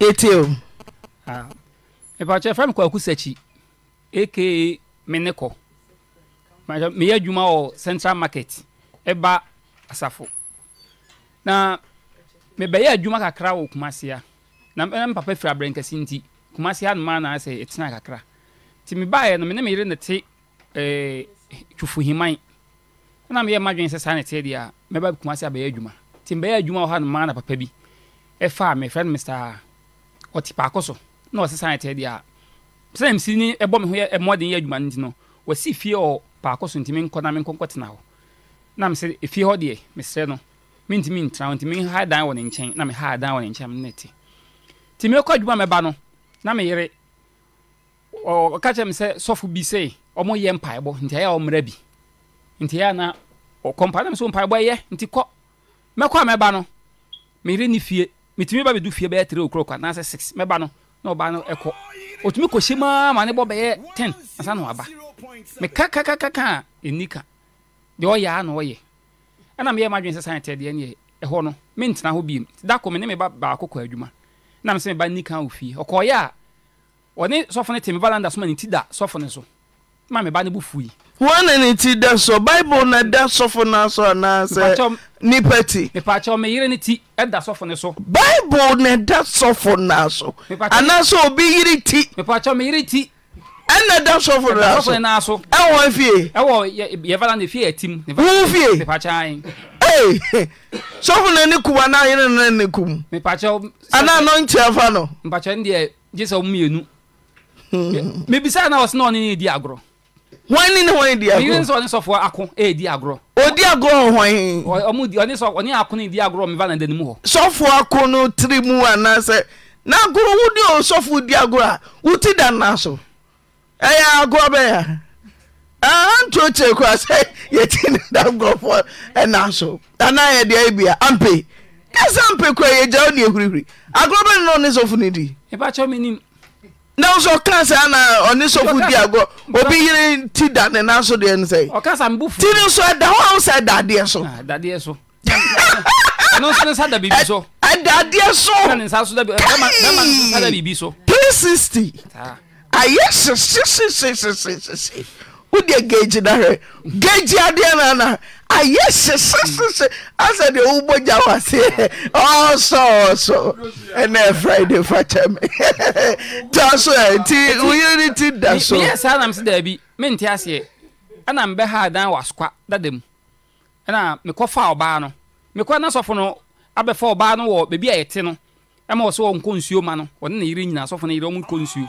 ete o. ìpàtẹ fẹmi kwaku sẹchi aka miniko meyɛ adwuma wɔ central market ɛba asafo na mebɛyɛ adwuma kakra wɔ kumasia na ɛna papa firi abirɛnkɛse nti kumasia no maa naa sɛ ɛtena kakra nti mebaeɛ no me ne me yere ne te ɛɛ eh, twofohiman ɛna meyɛ ma adwene sɛ saa ne te deɛ a mɛba kumasia bɛyɛ adwuma nti mebɛyɛ adwuma wɔ ha no maa na papa bi ɛfa a mefrɛ no mr ɔte paako so na ɔsi san ɛtɛ deɛ sɛnɛm si ni ɛbɔ mi ho yɛ ɛmɔden yɛ adwuma no nti no wɔsi fie ɔ paako so ntumi nkɔ na mi nkɔnkɔ tena hɔ na mi sɛ efie hɔ deɛ mi sɛ no mi ntumi ntena hɔ ntumi ha dan wɔ ne nkyɛn na mi ha dan wɔ ne nkyɛn mi na ti ti mi kɔ adwuma mi ba no na mi yere ɔɔ ɔka kyerɛ mi sɛ sɔfo bi sɛ ɔmo yɛ mpaebɔ nti ɛyɛ ɔmmerɛ bi nti ɛyɛ ana ɔkɔ na mi sɛ mpaebɔ yɛ nti kɔ mɛkɔ a mɛba no mi yere ne fie metumi ba bɛdu fie bɛyɛ three o'clock anaasɛ six mɛba no na ɔbaa no ɛkɔ ɔtumi kɔhyɛ maa ma ne bɔ bɛyɛ ten ansa na waba meka kakakaka a ɛni ka deɛ ɔyɛ a na ɔyɛ ɛna meyɛ ma adwene sɛ sane tɛdeɛ neɛ ɛhɔ no mentena hɔ biem da kɔ me ne meba baako kɔ adwuma na me sɛ meba nika wɔ fie ɔkɔɔyɛ a ɔne sɔfo no te me valanda so ma ne ti da sɔfo no so ma meba ne bo fui wọn na ne ti da so bible na da sɔfo na so anaasɛ nipa ti. mipakyɛw mi yiri ni ti ɛda e sɔfo ne so. bible na da sɔfo na so anaasɛ obi yiri ti. mipakyɛw mi yiri ti. ɛna e da sɔfo na so ɛda sɔfo na so. ɛwɔ fie. ɛwɔ e yɛfala ne fie ɛtim. wɔn fie. mipakyɛw ee sɔfo na ne kuma na yɛrɛ na ne kum. mipakyɛw. ana anɔ nkyɛn afa no. mipakyɛw n deɛ jisɛ ɔmu mienu. mebisa na ɔsi na ɔne ne di agorɔ. hwan eh, ni di agorɔ. ɔni sɔfo ako agorɔ. agorɔ ɔmu di ɔni sɔ ɔni ako ni di agorɔ mi na deni hɔ. sɔfo ako no tiri mu anase na agorɔ wo ni o sɔfo di agorɔ a da na so ɛyɛ agorɔ bɛ ya anto kye kura sɛ yɛti ne da ɛna so yɛ ebia ampe kasa ampe kura yɛ gya o ni ehurihuri agorɔ bɛ ni na ɔni sɔfo ni di. E mi na so ɔka sɛ ana ɔne sofo biagɔ obi yere ti da ne na nso deɛ ne sɛtini nso ɛda hɔ awo sɛ ɛda adeɛ soɛda adeɛ so plesst ah, ah. ayɛ sess wodeɛ gage da geji gage adeɛ no ana ayɛ hyesesese asɛ deɛ wobɔ gya w aseɛ ɔsɔ ɔsɔ ɛnɛ friday fakyɛ me ta so ɛ nti woyere ti da so meyɛ saa nam sɛ daabi mente aseɛ ɛna mbɛha dan wɔ asokwa dada mu ɛna mekɔfa ɔbaa no mekɔ na sɔfo no abɛfa ɔbaa no wɔ baabi a yɛte no ɛma wɔ sɛ wɔnkɔ nsuo ma no ɔne ne yere nyina sɔfo no yere ɔmo nkɔ nsuo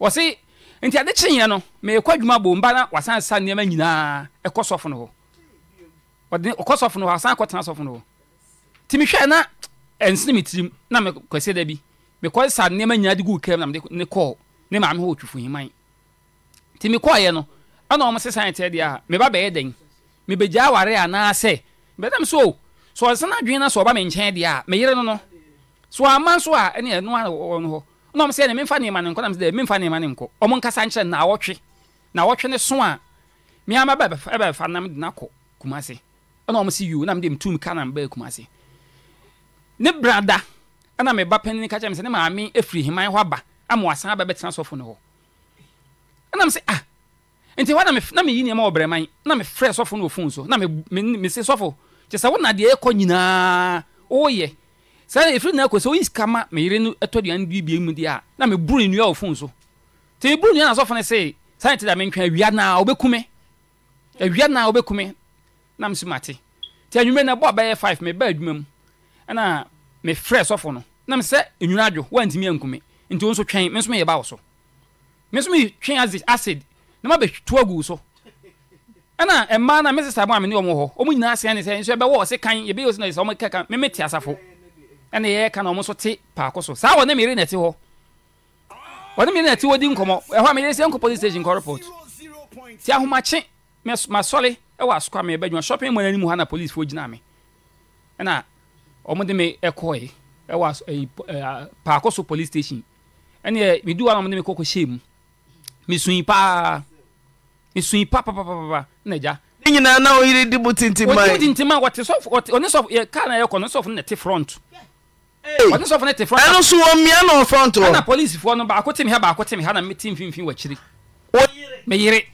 wɔsi nti ade kye yɛn no mɛkɔ adwuma bɔ mba na wasan sa nneɛma nyinaa ɛkɔ sɔfo no hɔ ɔde ɔkɔ sɔfo no hɔ asan akɔtena sɔfo no hɔ tìmi hwɛ na ɛnsene mi tirim na mɛ kɔsi dɛ bi mɛkɔ sa nneɛma nyinaa de gu kɛm na mɛ ne kɔɔ ne maame hɔ otwifo yiman tìmi kɔɔ yɛ no ɛna wɔn sisan yɛ tɛ deɛ ha mɛ ba bɛyɛ dɛn mɛ bɛ gya aware anaasɛ mɛ dɛm so oh, so ɔsan adwene na so ɔba mɛ nkyɛn deɛ mɛ yere no no so ama so a ɛne ɛno na ɔmo sɛ ɛna memfa nneɛma ne nkɔ na ɔmo sɛ memfa nneɛma ne nkɔ ɔmo nkasa nkyerɛ na awɔtwe na awɔtwe ni so a mmea ma ba ɛbɛfa nam de nakɔ kumase ɛna ɔmo sɛ yio na mo de mutum ka na mo bɛɛ kumase ne brada ɛna me ba panyin kakyɛ me sɛ ne maame efiri himan hɔ aba ama wasan aba bɛtena sɔfo ne hɔ ɛna mo sɛ ah nti hɔ na me na me yi nneɛma wɔ brɛman na me frɛ sɔfo no wɔ fon so na me me me sɛ sɔfo kyɛ wɔn na deɛ ɛkɔ nyinaa ɔɔyɛ saa efiri na akɔ sɛ oyi sika ma mɛ yere no ɛtɔ deɛ bi bie mu deɛ a na mɛ buru nnua wɔ fon so te mɛ buru nnua na asɔfo ne se saa ne te da mɛ ntwɛn awia na ɔbɛkume awia na ɔbɛkume na mɛ so ma te te adwuma na bɔ abɛyɛ five mɛ ba adwuma mu ɛna mɛ frɛ sɔfo no na mɛ sɛ enwura adwo wantumi ankume nti wɔn nso twɛn mɛ nso mɛ yɛ ba wɔ so mɛ nso mɛ twɛn acid na ma bɛ to agu so ɛna mmaa na mɛ sisa mu a mɛ ne wɔn wɔ hɔ wɔn nyinaa sɛn ne sɛ nso ɛbɛwɔ ɔse kan yɛbɛyɛ osi na yɛ sɛ wɔn kɛkɛ mɛ mɛ te ɛna yɛka na ɔmo nso te paako so saa wɔne mmiri na ɛte hɔ wɔne mmiri na ɛte hɔ di nkɔmɔ ɛhɔ a mmiri sɛ nkɔ police station kɔreport ti ahomakye masɔre ɛwɔ asokɔ a mmiri bɛdwuma shopping mall anim ha na police fo gyina mi ɛna ɔmo de mi ɛkɔɛ ɛwɔ ɛyi ɛɛ paako so police station ɛna yɛ mi duwa na ɔmo de mi kɔkɔ hyɛ mu mi sun paa mi sun papapapa ɛna gya ne nyinaa na oyiri di bu tintima yi. oyiri di tintima wɔte sɔfo wɔte ɔne yɛ kaa na yɛ kɔ ne sɔfo ne front ɔte sɔfo no te front ɛno so wɔ mmea na ɔfront hɔ na polisifoɔ no baako te me ha baako te me ha na mete mfimfin wakyiri meyere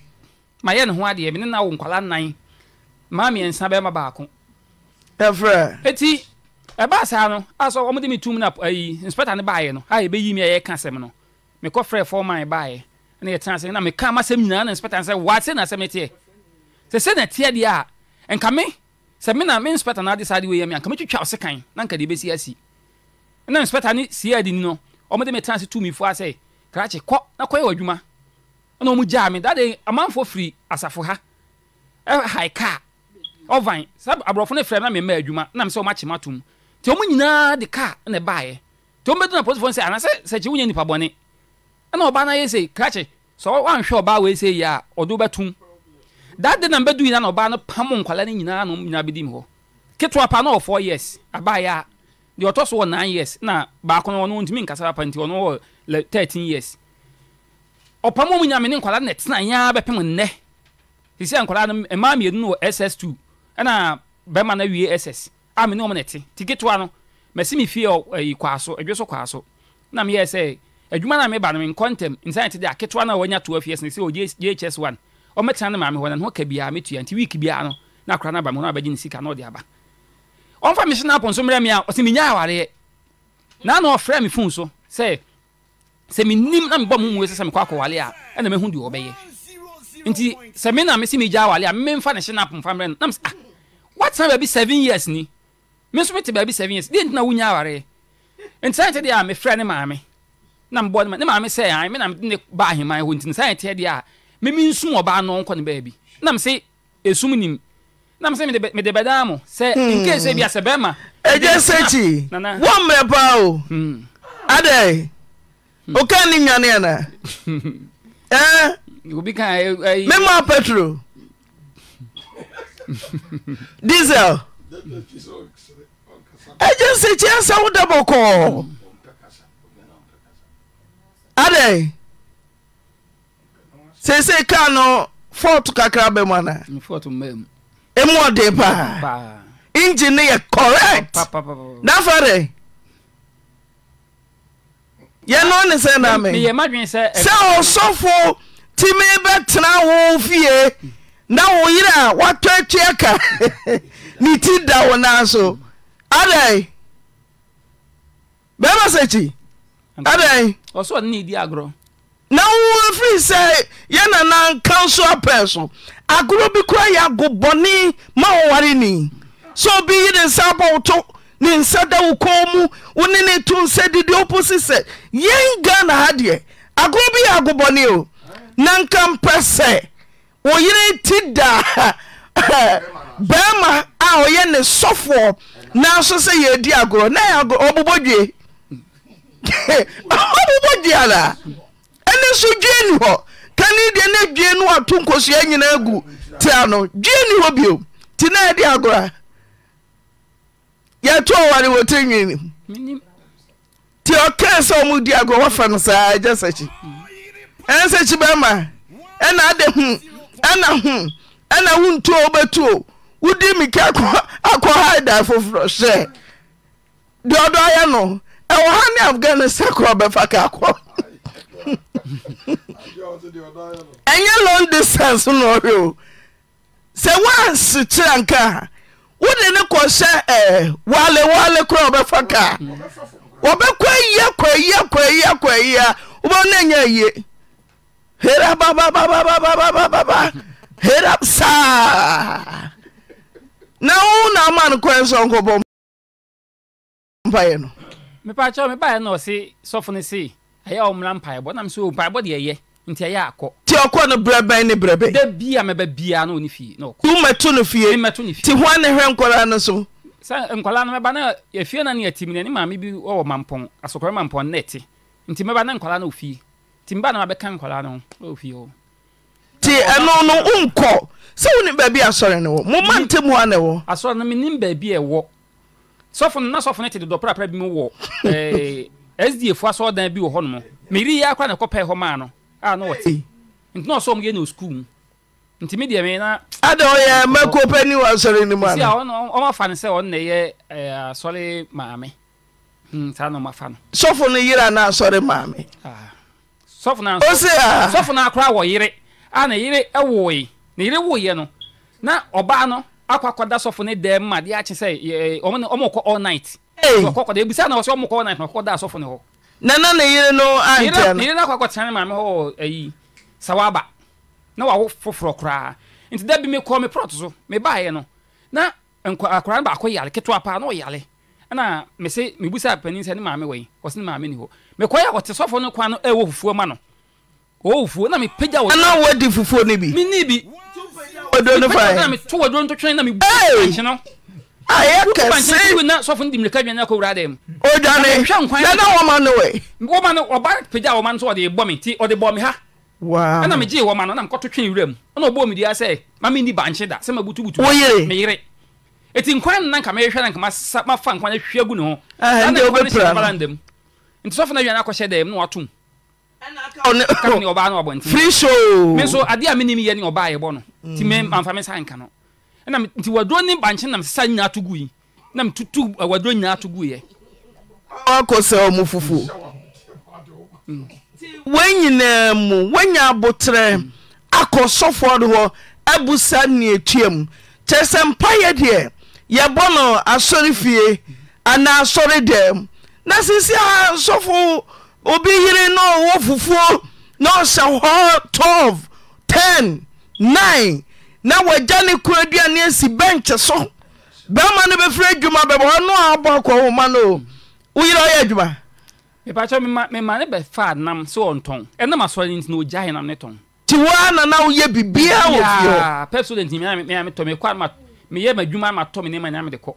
mayɛ ne ho adeɛ mene na wo nkwala nnan maa mmiɛnsa bɛma baako ɛfrɛ ɛti ɛbaa saa no asɔ wɔmde me tum no ayi inspector no baayɛ no a yɛbɛyi me a yɛka asɛm no mekɔ frɛ fɔman baayɛ na yɛtena sɛ na meka masɛm nyinaa na inspector no sɛ wase na asɛm teɛ sɛ sɛ na teɛ deɛ a nka me sɛ me na me inspector no ade saa de wei yɛ me anka metwitwa wo sekan na nka deɛ bɛsi asi na inspector ne cid ni no ɔmode me tena ase tu mifo asɛ krakye kɔ na kɔyɛ w'adwuma ɛna ɔmo gyaa me dade amanfoɔ firi asafo ha ɛhae kaa ɔvan saa aborɔfo no frɛ na memma adwuma nam sɛ ɔmakye ma tom nti ɔmo nyinaa de kaa na ɛbaeɛ nti ɔmbɛdu na polisifoɔ no sɛ anasɛ sɛkye wonya nnipa bɔne ɛna ɔbaa no ayɛ sei krakye sɛ woanhwɛ ɔbaa wei sɛ yi a ɔde wobɛtom that day na mbɛdu yi na na ɔbaa no pam nkwalaa no nyinaa na ɔmo nyinaa bɛdi mi hɔ ketewa pa na ɔwɔ four years abaeɛ a deɛ ɔtɔ so wɔ nine years na baako no ɔno ntumi nkasa papa nti ɔno wɔ thirteen years ɔpam mu nyame ne nkwadaa na ɛtena nyaa bɛpem nnɛ sisi nkwadaa no mmaa mmienu no wɔ ss two. ɛna bɛrima no awie ss a me ne wɔn na ɛte tiketewa no mɛsi mi fie ɛyi kwaa so adwe so kwaa so na meyɛ sɛ adwuma na meba no me nkɔ ntɛm nsan te de aketewa no a wɔnya toa fie sɛ sɛ ɔgyhs1 ɔmɛtena ne maame hɔ na ne ho ka biara mɛtua nti week biara no na akora no aba me ho na abɛgye ne sika na ɔde aba ɔmfa me snap nso mmerɛ me a ɔsɛ menya awareɛ na na ɔfrɛ me fon so sɛ sɛ menim na mebɔ momue sɛ sɛ mekɔ akɔwale a ɛna mahu deɛ ɔbɛyɛ nti sɛ me na mese megya awale a memfa ne snap mfa mmerɛ no nam sɛ ah watena baabi seven years ni me nso mete baabi seven years deɛ nti na wonya awareɛ nti sɛ nte deɛ a mefrɛ ne maame na mbɔ ne ma ne maame sɛ an me na mede ne ba ahemman hɔ nti no sɛ nte deɛ a memi nsum ɔbaa no ɔnkɔ ne baabi nam sɛ ɛsum nim sɛi wɔmmrɛpa ade oka ne nane anamema petro disel ɛye sɛci ɛsɛ wodabɔkɔ ad sesei ka no foto kakra bɛman emu ɔde paa engine no yɛ correct nafa dɛ yɛno ne sɛ na me sɛ ɔsɔfo timi bɛtena wo fie na wo yere a woatɔ atwea ka ne ti da wo naa so adɛn bɛɛma sɛ kyi adɛn na wofiri sɛ yɛnana council pɛɛ so agorɔ bi koraa yɛ agobɔne ma wɔware ni sɛ obi yi ne nsa abɔwoto ne nsa da wo kɔn mu wo ne ne to nsɛ didi wopo si sɛ yɛn gha na ha deɛ agorɔ bi yɛ agobɔne o na nka mpɛ sɛ wo ti daa barima a ɔyɛ ne sɔfoɔ nanso sɛ yɛdi agorɔ na ɔbobɔ dwe ɔbobɔ dwe ara ɛne nso dwe ni hɔ kani deɛ ne adwie no wato nkosua nyina agu tia no dwee ni hɔ bio te na ɛde agora yɛto ɔware wɔte nwini nti ɔkaa sɛ ɔmu di agorɔ wɔfa no saa agya sakyi ɛn sakyi bɛma ɛna ada hu ɛna hu ɛna wontuo wobɛtuo wodi mika akɔ haida foforɔ hyɛ deɛ ɔdɔ ayɛ no ɛwɔ ha ne afghanistan korɔ bɛfa kakɔ ɛnyɛ long distance na ɔhwɛ o sɛ woanse kyerɛ nka a wode ne kɔhyɛ ɛ wale wale koraa wɔbɛfa kaa wɔbɛkɔ ayia kɔ ayia kɔ ayia kɔ ayia wobɛwo ne ɛnyɛ ayie hera babababababababa hera saa na wo na ama no kwan sɛ ɔnkɔbɔ mpaeɛ no mepa kyɛw mebaeɛ na ɔse sɔfo no sei ɛyɛ a ɔmmra mpaebɔ nam sɛ mpaebɔ deɛ ɛyɛ nti ɛyɛ akɔ ti ɔkɔ no brɛbɛn ne brɛbɛn da bia mɛba bia na ɔne fie na ɔkɔ womɛto no fie mɛto no fie ti ho a ne hwɛ nkɔraa no so sɛ nkɔlaa no mɛba na afie no ne atim ne ne maame bi wɔwɔ mampɔn asokɔrɔ mampɔn na ɛte nti mɛba na nkɔlaa no ofie nti mba na mabɛka nkɔlaa no ho ofie hɔ ti ɛno no wonkɔ sɛ wone baabi asɔre no wɔ moma ntam hɔ a na ɛwɔ asɔre no menim baabi ɛwɔ sɔfo no na sɔfo no te dodɔprapra bi mu wɔ sdf fo asɔ bi wɔ hɔ nom meri yɛ akora na ɛkɔpɛ hɔ maa no a na wɔte nti na ɔsɔ ɔmo yɛ na sukuu mu nti mi deɛ mi na. ada ɔyɛ mako pɛni wa sɔre ni mu ana. si a ɔno no sɛ ɔno na ɛyɛ eh, asɔre maame hmm, saa na ɔmo afa no. sɔfo no yira na asɔre maame. Ah. sɔfo na sɔfo na akora wɔ a na yere ɛwɔɔye na yere wɔɔye no na ɔbaa no akɔ akɔda sɔfo dɛm ma de sɛ eh, kɔ all night. kɔkɔ de ebisa na ɔsɛ ɔmo kɔ na kɔkɔ da asɔfo ne hɔ. nana ne yere no antɛ no yere no akɔ akɔtena ne maame hɔ ayi sawaba na wawo foforɔ koraa nti dabi mi kɔ mi prɔt so mi baayɛ no na akwaraa no baako yale ketewa paa na ɔyale ɛna mese mebusa panin sɛ ne maame wɔ yi ɔsɛ ne maame ni hɔ mekɔyɛ a ɔte sɔfo no kwan no ɛwɔ fufuo ma no ɔwɔ fufuo na mepagya wɔ. ɛna wɔdi fufuo ne bi. mi ni bi. wɔduro no fa yɛ. mepagya na meto a yɛ kɛse sɔfo no de mmirika dwane akɔwura dɛ mu odwane nana wɔma no we wɔma no ɔba pagya wɔma no so ɔde bɔ me nti ɔde bɔ me ha ɛna megyee wɔma no na mekɔto twee wura mu ɛna ɔbɔɔ me dua sɛ ma mendi bankye da sɛ mabutubutu meyere ɛti nkwan no na nka mɛhwɛ na nka mafa nkwan ahwe agu ne ho ɛna nkwan no hyɛ balandam nti sɔfo no aduane akɔhyɛ dɛ mu na watom kakne ɔbaa no ɔbɔnten free show me nso adeɛ a menim yɛ ne ɔbaa yɛbɔ no nti mamfa me sa nka no ɛna nti waduro ne bankye nam sisa nyinaa to gu yi na metutu eh, waduro nyinaa to gu yɛ. wakɔ sɛ ɔmo fufu mm. wɔn nyinaa mu wɔnya abotrɛ akɔ sɔfoɔ do hɔ abusa ne etuam kyerɛ sɛ mpayɛ deɛ yɛbɔ no asɔre fie anaa asɔre dɛm na sisi a sɔfo obi yere na ɔwɔ fufuo na ɔhyɛ hɔ twelve ten nine na wɔagya ne kuro aduane asi bɛnkye so bɛrima no bɛfiri adwuma bɛbɔ hɔ no a abɔ akɔ homa no wo yerɛ ɔyɛ adwuma mepakyɛ mema ne bɛfa nam sɛ ɔntɔn ɛnam asɔre nti na ɔgyae nam ne tɔn nti woa na na woyɛ biribiaa wɔ fie hɔ pɛ so dɛnti mea metɔ mekɔ a meyɛ madwuma matɔ me nema nyame de kɔ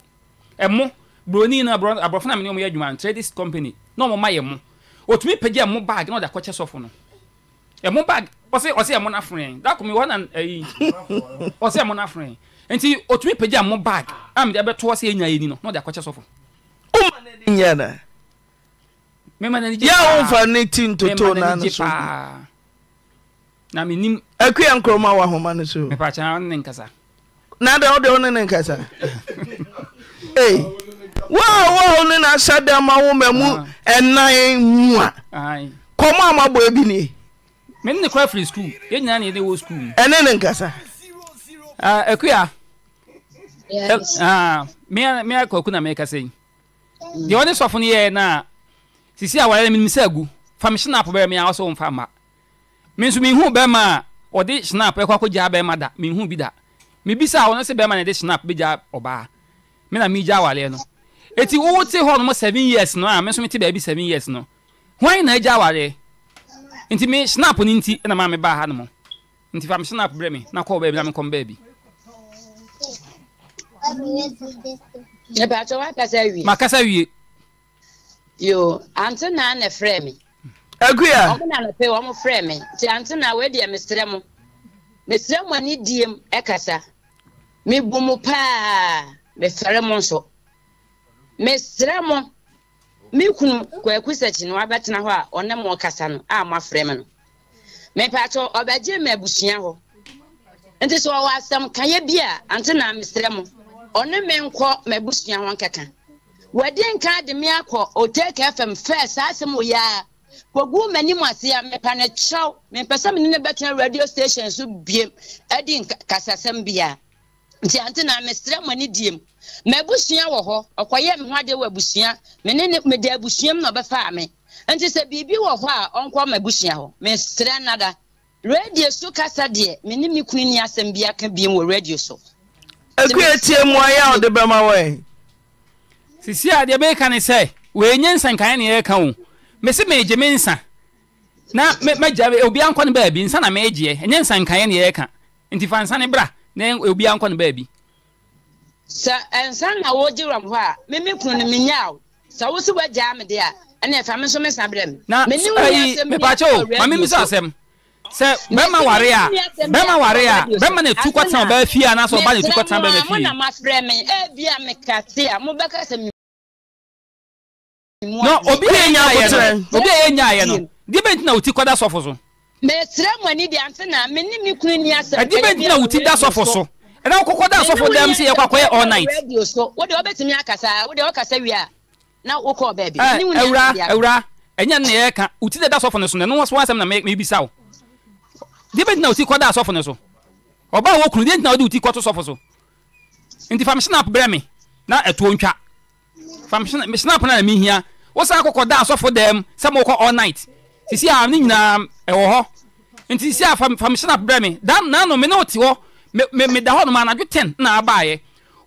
ɛmo buroni no aborɔfo na mene ɔmyɛ adwuma no tradis company na ɔmɔma yɛ mo ɔtumi pagya mo baag na ɔde akɔkyɛ sɔfo no ɛmo bag ɔsi ɔsi ɛmo n'afrɛn dakumi wɔn na ɛyi ɔsi ɛmo n'afrɛn nti otumi pagya mo bag a mi de ɛbɛto ɔsi enya yɛ ni no n'ɔde akɔkyɛ sɔfo. o ma ne ni nyɛ na. mɛma na ni gye paa yà wọn fa ne ti ntoto n'ano so na mi nim. akuya nkuruma wà ahoma ne so. mipa kyɛn ɔne ne nkasa. n'ada ɔde ɔne ne nkasa. ee wɔn a ne n'ahyɛ dɛm awo mɛ mu ɛnan mu a kɔmɔ a ma bɔ ebi nie mene ne kora firi skul yɛ nyinaa ne yɛde wɔ skul mu ɛne ne nkasa ah, akua ah, me akɔku na merekasa yi mm. deɛ ɔne sɔfo no yɛɛ no a sisi a wɔyɛ menim sɛ agu fa me hyenapo bɛrɛ me a wɔsɛ womfa mma me nso mehu bɛrima a ɔde hyenapo ɛkɔ akɔgyaa bɛrima da mehu bi da mebisa a ɔno sɛ bɛrima na ɛde hyenapo bɛgya ɔbaa me na megya awareɛ no ɛti wowo hɔ nom seven years no a me nso mete baabi seven years no hwan na agya awareɛ nti me snap ni nti na maa mi ba ha nom nti fa mi snap brɛ mi na kɔɔ baabi na mi kɔm baabi. ìbàtò wa kasa wie. ma kasa wie. yoo ante na na frɛ mi. egu ya. ɔmo na lepe ɔmo frɛ mi nti ante na wei deɛ mesrɛ mo mesrɛ mo ani die mu ɛkasa me bu mu paa mefɛrɛ mo nso mesrɛ mo me kunu kwaku sɛkyi no wabɛtena hɔ a ɔne ma ɔkasa no a moafrɛ me no mepatɔ ɔbɛgye ma abusua hɔ nti sɛ ɔwɔ asɛm kaeɛ bi a ante na mesrɛ mo ɔne me nkɔ ma abusua hɔ nkɛka wɔde nka de me akɔ otake fm fɛ saa asɛm oyɛ a wɔgu m'anim ase a mepa ne kyerɛw mempɛ sɛ mene ne bɛtena radio station so biem adi kasasɛm bia nti ante na mesrɛ mo ani diem ma abusua wɔ hɔ ɔkɔyɛ me ho adeɛ wɔ abusua me ne ne mede abusua mu na ɔbɛfaa me nti sɛ biribi wɔ hɔ a ɔnkɔ ma abusua hɔ mesrɛ nada radio so kasa deɛ me ne me kunu ni asɛm bi aka bi wɔ redio so. ekuya tie mu ayé a ɔde bɛma yi. sisi a deɛ bɛyɛ ka ne sɛ wɔnyɛ nsankan na yɛreka o mesi megye me nsa na gya obi ankɔ ne baabi nsa na mɛgyeɛ ɛnyɛ nsankan na yɛreka nti fa nsa ne bra na obi ankɔ ne baabi. sɛ nsa na wɔgye wam hɔ a meme kunu no menya o sɛ wo se woagyaa me deɛ a ɛne ɛfa me nso mesa berɛ m mepakyɛ o ma meme sɛ asɛm sɛ bɛma ware a bɛma ware a bɛma na ɛtu kɔtena ɔbaa fie anaasɛ ɔba na ɛtu kɔtena bɛma fie mona mafrɛ me ɛbia mekase a mobɛka sɛ no obi a ɛnyaayɛ no obi a ɛnyaayɛ no deɛ bɛnti na wɔti kɔda sɔfo so mesrɛ mu ani deɛ anse na mene me kunu ni asɛm ɛdeɛ bɛnti na wɔti da sɔfo so ɛna wokɔkɔ da asɔfo dam sɛ yɛkɔ akɔyɛ all night radio so wode wobɛtumi akasa wode wokasa wie a na wokɔɔ baabi awura awura ɛnyɛ ne yɛka woti dɛ da asɔfo no so no ɛno so asɛm na mebisa wo deɛ bɛntina woti kɔ da asɔfo no so ɔba a wɔkunu deɛ ntina wode woti kɔ to sɔfo so nti fam snap brɛ me na ɛtoɔ ntwa fam snap no na mehia wosan akɔkɔ da asɔfo dam sɛ mowokɔ all night sisi a ne nyinaa ɛwɔ hɔ nti sisi a fam snap brɛ me da nanom me ne wote hɔ oh me me da hɔ nom anadwo ten na abaayɛ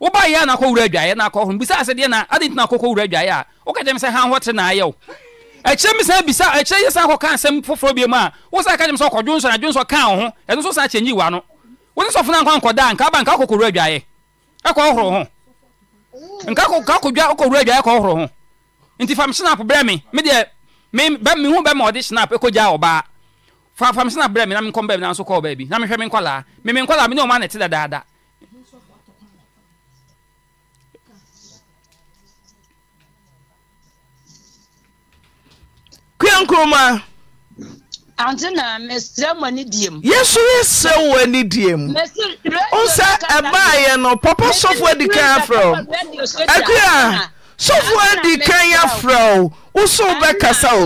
wobaayɛ a na akɔwura adwaeɛ na akɔ hɔ bisa sɛ deɛ na ade ntina akɔkɔwura adwaeɛ a woka kyɛ me sɛ han hɔ te na ayɛ wo ɛkyerɛ mi sɛ bisa ɛkyerɛ yɛ san kɔka nsɛm foforɔ bi mu a wo sa ka kyɛ me sɛ ɔkɔdwo nsɔ na dwo nsɔ ka wo ho ɛno nso san kyɛ nyi wa no wo ne sɔfo no ankɔ ankɔda a nka aba nka akɔkɔwura adwaeɛ ɛkɔ hohoro ho nka akɔdwa akɔwura adwaeɛ ɛkɔ hohoro ho nti fam snap brɛ me me deɛ me ho bɛma ɔde snap ɛkɔgyaa ɔbaa faafam sena brɛ me na menkɔ baabi nanso kɔɔ baabi na mehwɛ me nkɔlaa me me nkɔlaa me ne ɔma na ɛte dadaada kua nkroma ante na mesrɛ mo ani diem yesu yɛsrɛ wo ani diem wo sɛ ɛbaayɛ no papa sɔfo adi kan afrɛ wo akua sọfọ adi kan yafra o woso bɛkasa o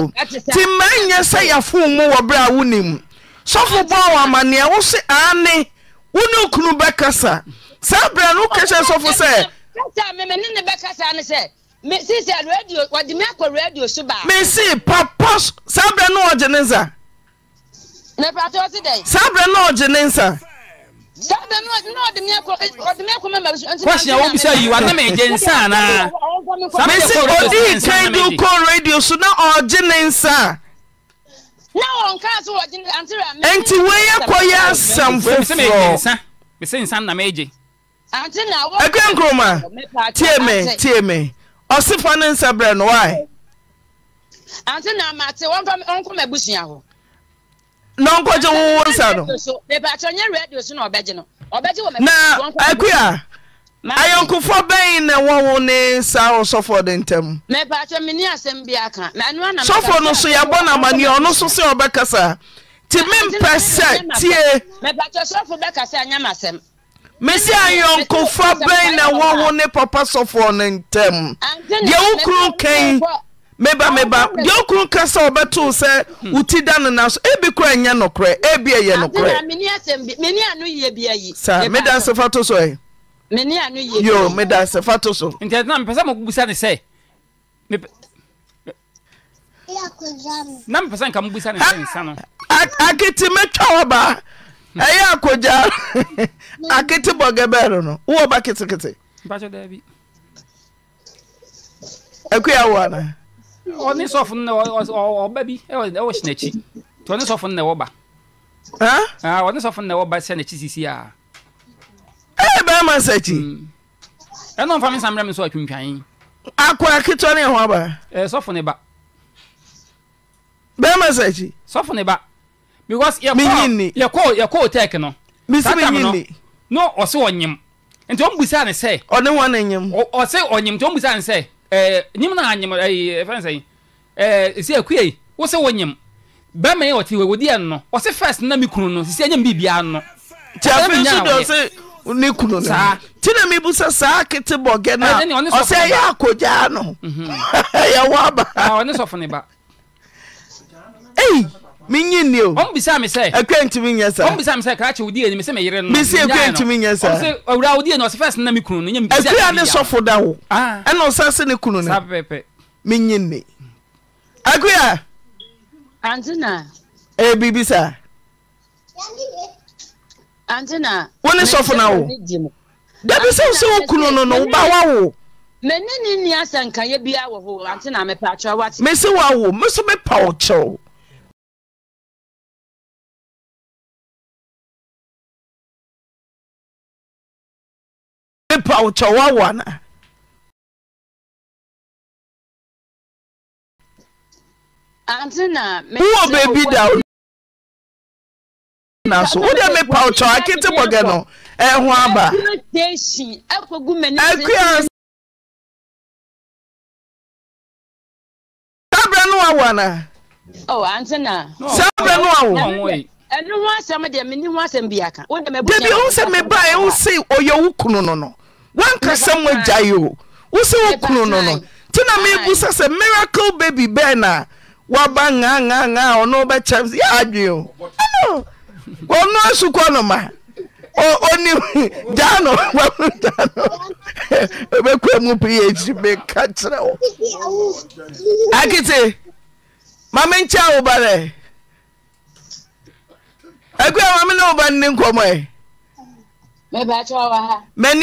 ti mma nyɛ sɛ yafun mu wɔ bere a wonim sọfọ bɔ wɔn amanneɛ wose aane wo ne kunu bɛkasa saa bere no kɛhyɛ sọfọ sɛ. kasa mímí ní ní bɛkasa ni sɛ mesisi rɛdiò wɔdi mi akɔ rɛdiò so baa. mesi papa saa bere no ɔgye ne nsa. nípa tó ti dɛ. saa bere no ɔgye ne nsa. kwasi a wobisa yi wa na megye nsa anaa mesi odii kan du kɔ radio so na ɔgye ne nsa nti woeyɛ kɔ yɛ asɛm foforɔ akwa nkuroma tie me tie me ɔsefa ne nsa berɛ no wae n'ọnkọgye wowo nsa no. na akuya ayɔnkofoɔ bɛn na wɔwo ne nsa ɔsɔfoɔ de ntam. sɔfoɔ no so yabɔ n'amani ɔno so sɛ ɔbɛkasa ti mi mpɛ sɛ tie. mesi ayɔnkofoɔ bɛn na wɔwo ne papa sɔfoɔ ne ntam deɛ wokuru kɛn. meba oh, meba deɛ nkasa ka sɛ wɔbɛtoo sɛ hmm. na so ebi kora nyɛ nokorɛ ebi ɛyɛ nokorɛ saa meda ase fa to so ɛ yo meda ase fa to so. nti ɛna mpɛ sɛ mo busa ne sɛ na mpɛ sɛ nka mo busa ne sɛ nsa no. akete mɛtwa wɔba ɛyɛ akogya akete bɔ gɛbɛɛro no wowɔ ba ketekete. ɔne sɔfo no bi ɛwɔ hyena akyi nti ɔne sɔfo na ba ɔne sɔfo no na ba sɛ n'akyi sisi a ɛyɛ bɛrima sɛ akyi ɛna ɔmfa me nsa mmerɛ me nso atwintwan ketewa ne ɛho aba ne ba bɛrima sɛ akyi sɔfo ne ba because tɛk no no na nti ne sɛ ɔne nti ne sɛ ɛɛ eh, nyim na anyim ɛyi eh, eh, fɛn sɛn ɛɛ esi akuya yi wosɛ wɔnyim bɛrima yi ɔte wɔdi yɛ no ɔsi fɛs na mi kunu no sisi anyim biribi ano. tiafi nso de ɔsi ne kunu no saa tina mi busa saa kete bɔ gɛna ɔsɛ ɛyɛ akogya ano mhm. ɛyɛ wɔ aba. ɔne sɔfo ba. eyi. menyini o. wọn bisa mi sẹ. ekwe ntumi nyɛ sa. wọn bisa mi sẹ krakye odi yẹn mi sẹ mi yẹrẹ nù. bisi ekwe ntumi nyɛ sa. ɔsɛ owura odi yẹn na ɔsɛ fɛs nna mi kunu ah. a ne sɔfo da kunu antina. sa. antina. wọn na wo. dabi sɛ o kunu wa ni ni bi antina pa atwa wa ti. pa pepa wo kyɛ woawo beebi da wo na so wode mepa wo kyɛ akete bɔgɛ no ɛho aba akua saa berɛ no wawo ana saa berɛ no wawo debi wo sɛ mebae wo se ɔyɛ wo kunu no no woankasɛm wagyae o wo sɛ wo kunu no no nti na mebu sa sɛ miracle baby na woaba aaaa ɔno wobɛkyɛm yɛ adwene o ɔno asukɔ no ma ọ gyaa no ɔbɛkua mu pɛyɛkyi meka kyerɛ wo akete ma menkyɛ wo ba dɛ ma ne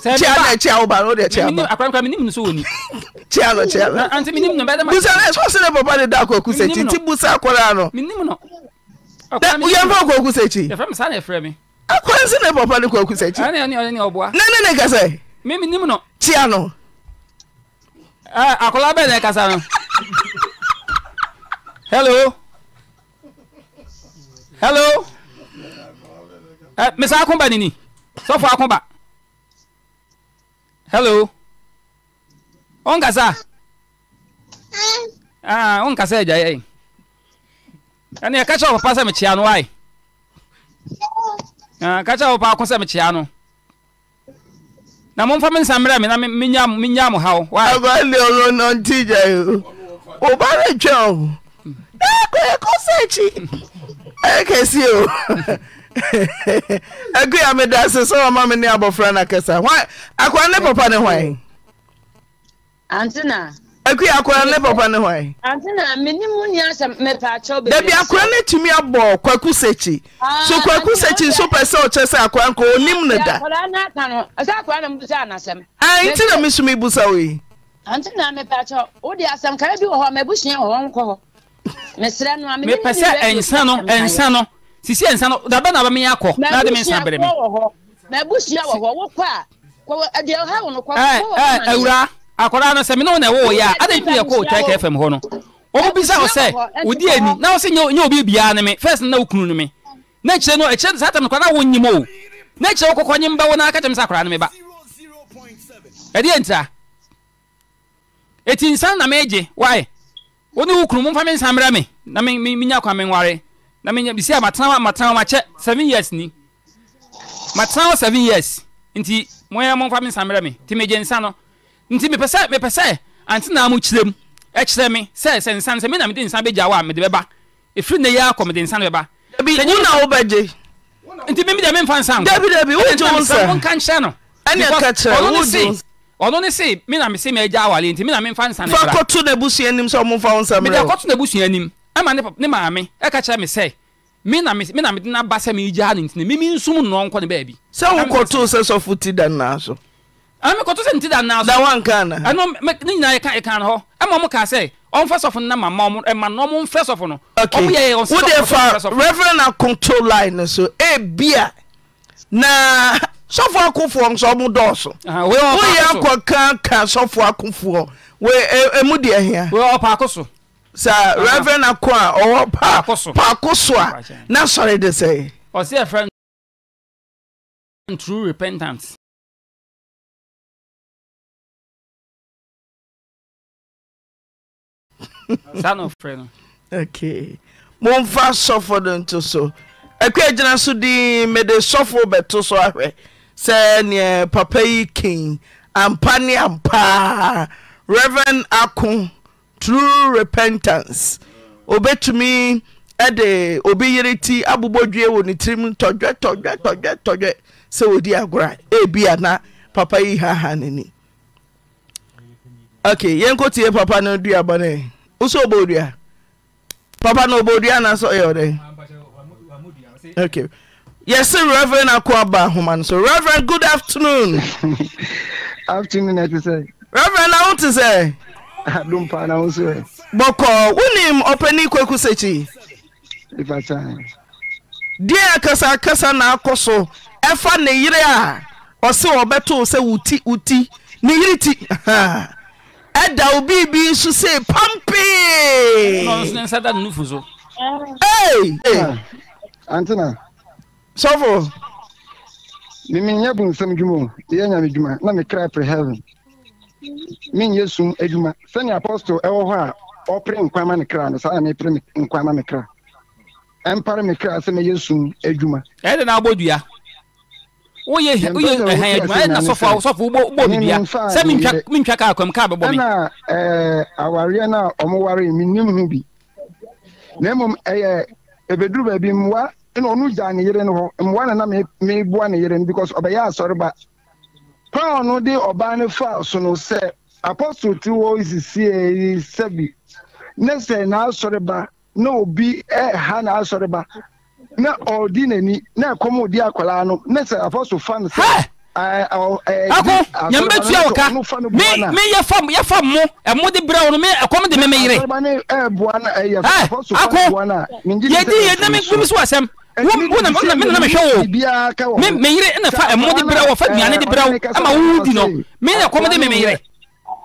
kyia na kyia wo ba na wode kyia ba akwankwa menim no so woni kyia no kyia no anti menim no bɛdɛ ma busa na ɛsɔ sɛ ne papa de da akɔ akusa akyi nti busa akɔra no menim no yɛmfa akɔ akusa akyi yɛfrɛ me saa na ɛfrɛ me akwan si ne papa ne kɔ akusa akyi ne ne ne ɔboa ne ne ne kasa me menim no kyia no akɔla bɛ na ɛkasa no hello hello mesa akomba nini sɔfo akomba hello onkasa ah onkasa agya yɛn ɛna yɛ kakyɛ papa sɛ mekyea no wae ah kakyɛ papa ako sɛ mekyea no na momfa me nsa mmerɛ me na menya menya mo haw wae aba le oro no nti gya yo o ba re twa o na ko e ko sechi e kesi o egu ya da ase sɛ ɔma me ne abɔfra no kɛsa akwaa ne papa ne hwan aku ya akwaa ne papa ne hwan dabi akwaa no tumi abɔ kwaku sekyi ah, so kwaku sekyi nso pɛ sɛ ɔkyɛ sɛ akwaa nka onim ne da nti na mesom ibusa ah, wo yi mepɛ sɛ ɛnsa no ɛnsa no sisi ɛnsa no daba na abamenya akɔ na adi mi nsa bere mi. mɛbusia wɔ hɔ wokɔ a ɛdi ɛha wɔn kɔ. ɛɛ ɛɛ eh, eh, awura akwadaa no sɛ mi n'o na ɛwɔ wɔ yɛ a adi ti yɛ kɔ o kyerɛ kɛfɛm hɔ no wɔn bisa wɔ sɛ o di ani na wɔsi nye obi biara ne mi fɛs na okunu ne mi na ekyirɛ no ekyirɛ saa tam no kwadaa wɔn nyim o na ekyirɛ wɔn kɔkɔ nyim ba wɔn n'aka kyɛm sɛ akwadaa ne mi ba ɛdi yɛ nta eti nsa na mi gye waaye wɔn ni wɔn kunu mu nfa mi nsa mmerɛ mi na mi mi nya kwan mi nware na menya bisi a matena matena ma kyɛ 7 years ni matena seven years nti mo ya mo fa me samre me ti megye nsa no nti mepɛ sɛ mepɛ sɛ ante na mo kyerɛ mu ɛkyerɛ me sɛ sɛ nsa sɛ me na mede nsa bɛgya wo a mede bɛba ɛfiri na yɛ akɔ mede nsa no bɛba wo na wobɛgye nti mimi deɛ memfa nsa nkonka nkyerɛ no ɔno ne se me na mese meagya awale nti me na memfa nsa no mede akɔto n'abusua anim ɛma ne maame ɛka kyerɛ me sɛ mena mede no ba sɛ megyaa no ntina mimi nsom nnɔ nkɔ ne baabi sɛ wokɔtoo sɛ sɔfo ti da nnaa so mekɔto sɛ nti da nnaa so wanka na ɛno ne nyinaa ɛka ɛka no hɔ ɛma mo kaa sɛ ɔmfa sɔfo no na mama ɔmo ɛma na ɔmo mfrɛ sɔfo no ɔmoyɛyɛ wode fa reverend akonto line no so ebia na sɔfo akofoɔ nso ɔmo dɔɔso woyɛ akɔka ka sɔfo akofoɔ e- mu deɛ hia ɔpaako so sɛ reverɛn ako a ɔwɔ paako so a na sɔre de sɛ ɔsɛ ɛfrɛ no true repentance saa na ɔfrɛ no okay momfa sɔfo no to so akwa gyina so di mede sɔfo bɛto so ahwɛ sɛ neɛ papa yi kin ampa ne ampaa reverɛn true repentance obetumi ɛde obi yere ti abobɔdwe wɔ ne tirim tɔdwɛ tɔdwɛ tɔdwɛ tɔdwɛ sɛ wɔdi agorɔ a ebi ana papa yi ha ha n'ani ok yɛn ko tie papa no dua bɔ ne wosɛ dua papa no ɔbɔ dua na sɛ ɔyɛ ɔdɛ ok yɛsi reverend akoaba ahoma no so reverend good afternoon afternoon ɛti reverend na Adumpa na nso e. yɛ. Bɔkɔ wunim ɔpɛni kwaku sekyi. Deɛ akasakasa na akɔ so ɛfa ne yere a ɔsɛ ɔbɛto sɛ wuti wuti ne yere ti ɛda obi bi nso sɛ pampee. Ɔno ne nsa da ne nufu so. Ah, Antena. Sɔfo. Mimi nyɛ bu nsɛm dwuma o, yɛ nyame dwuma na me kra pre heaven. menyɛ sum adwuma sɛnea apostle ɛwɔ hɔ a ɔpere nkwama ne kra no saa na mepere nkwama me kra ɛmpare me kra sɛ mɛyɛ sum adwuma ɛde na abɔ dua woyɛ woyɛ ɛhan adwuma ɛde na sɔfo a sɔfo wobɔ wobɔ bibia sɛ mentwa mentwa kaa kwam kaa bɛbɔ me ɛna ɛɛ awareɛ no a ɔmo ware mennim ho bi na mmom ɛyɛ ɛbɛduru baabi mmoa ɛna ɔno gya ne yere no hɔ mmoa na na meboa ne yere no because ɔbɛyɛ asɔreba paul no de ɔbaa no fa so no sɛ apostol ti wɔ sisie yi sɛbi ne sɛ n'asɔreba na obi ɛha n'asɔreba na ɔdi n'ani na ɛkɔm odi akwaraa ano ne sɛ apostol fa no sɛ. akɔ nyambetua wo ka mi mi yɛ fam mo ɛmo de brɛ wo no mi ɛkɔm de mi mi yere akɔ yɛdi yɛdi na mi so asɛm wona mehwɛ wo me yere na fa ɛmo de berɛ wo fa duane de berɛ wo ama wowudi no me na kɔm de me meyere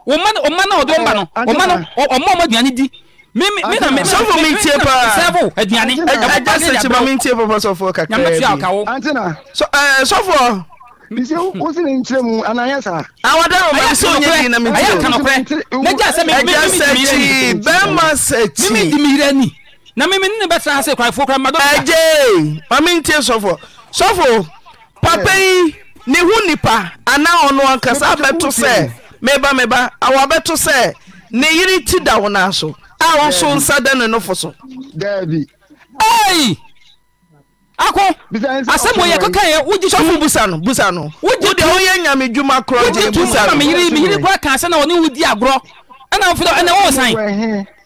ɔma na ɔde ɔmba no ɔma no ɔma ɔma aduane di sɔfo mentie paaasɛkyima mentie papa sɔfoɔ kakrasɔfoɔ bisɛ wosi ne nkyerɛ mu anayɛ saa awada ɔma sɛ ɔnyɛ di na mentiɛgya sɛ bɛma sɛkyi na mímí ní bẹ́tẹ̀ ase kura fún kura mmadọ́. ẹjẹ mami n tiẹ sọfọ sọfọ papa yi ne ho nipa ana ọno ankasa abẹto sẹ mẹba mẹba awọ abẹto sẹ ne yiri ti da wọn aso a wọn so nsa dẹ ne nofo so. dẹẹbi. ẹyì akọ asẹmu oyè kankan yẹ wọ́n jí sọ́fù busa no busa no. wọ́n jí tó wọ́n yẹ nyàmé dwuma kúrọ́ jẹ busa no. wọ́n jí tó wọ́n yẹ nyàmé dwuma kúrọ́ jẹ busa no. wọ́n jí tó wọ́n yẹ nyàmé dwuma kúrọ́ jẹ busa no. ẹnna wọ́n fi ẹnna wọ́n wọ sàn.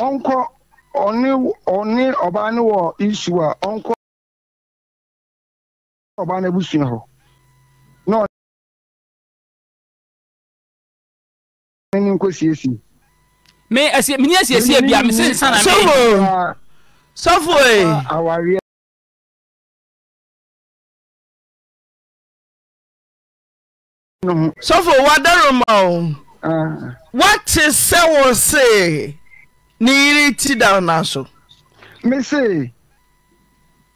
ɔnkɔ ɔne ɔne ɔbaa no wɔ isu a ɔnkɔ ɔbaa no abusua hɔ na ɔne ne nkɔ siesie me asie me ni asiesie bia me se nsa na me sɔfo sɔfo e eh. awareɛ uh, sɔfo wadaro ma o wate sɛ wɔ se ne yiri ti da n'aso. mese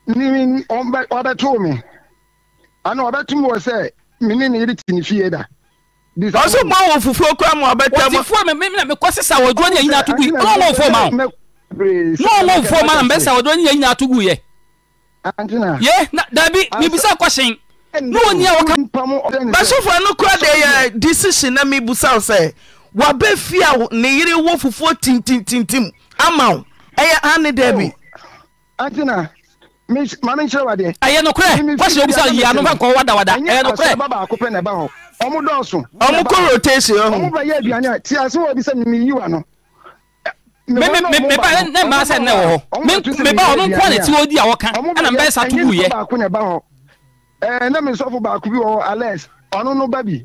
ni ɔbɛto mi ana ɔbɛto mi wɔ sɛ mi ne ne yiri ti ne fie da. ɔsọ bọ wọ fufuo kura mu ɔbɛtɛ mu. wotifuo mi mi na mi kɔ sisan wɔduro ni yɛnyina tugu yi n'o ŋo fo ma o n'o ŋo fo ma na mbɛ sisan wɔduro ni yɛnyina tugu yɛ. ye na dabi mibisa kɔsin n'o ni awɔ ka. basofo anu kura de yɛ disisi na mi busa sɛ wabɛ fie a ne yere wɔ fufuo tintintintim ama wo ɛyɛ ane dɛ bi. Oh, atina maame nkyerɛ wa deɛ. ɛyɛ nokorɛ wɔsi obisa yi ano wada nkɔ wadawada ɛyɛ nokorɛ. ɛnyɛ sɛ baba akopɛ na ɛba hɔ ɔmo dɔɔso. ɔmo kɔ rotation ɔmo bɛ yɛ aduane a ti ase wɔ ebisa mi yi wa no. meba ba mmaa sɛ nnɛ wɔ hɔ meba ɔno nkɔ ne ti wɔ di a wɔka ɛna mbɛ sa to wuyɛ. ɛnyɛ sɛ baako na ɛba hɔ ɛɛ ne mi nsɔfo baako bi wɔ hɔ alex ɔno no ba bi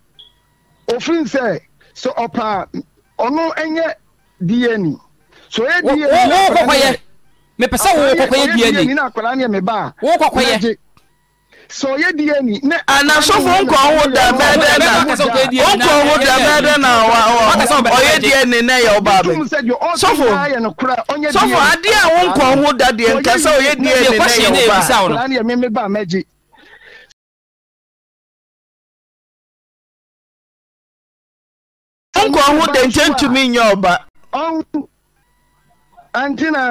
ofin sɛ sɛ ɔpa ɔno nyɛ dna so yɛ dna wo wo kɔkɔyɛ mepɛ sɛ wo kɔkɔyɛ dna na akwadaa ne me ba wo kɔkɔyɛ sɛ ɔyɛ dna ne anasofo nkɔ ho da bɛɛdɛ na nkɔ ho da bɛɛdɛ na ɔyɛ dna na ɛyɛ ɔba mi sɔfo sɔfo adeɛ a wo nkɔ ho da deɛ nkasa ɔyɛ dna na ɛyɛ ɔba nkọ ọhụ dị nche ntumi nye ọba. ọhụ anti na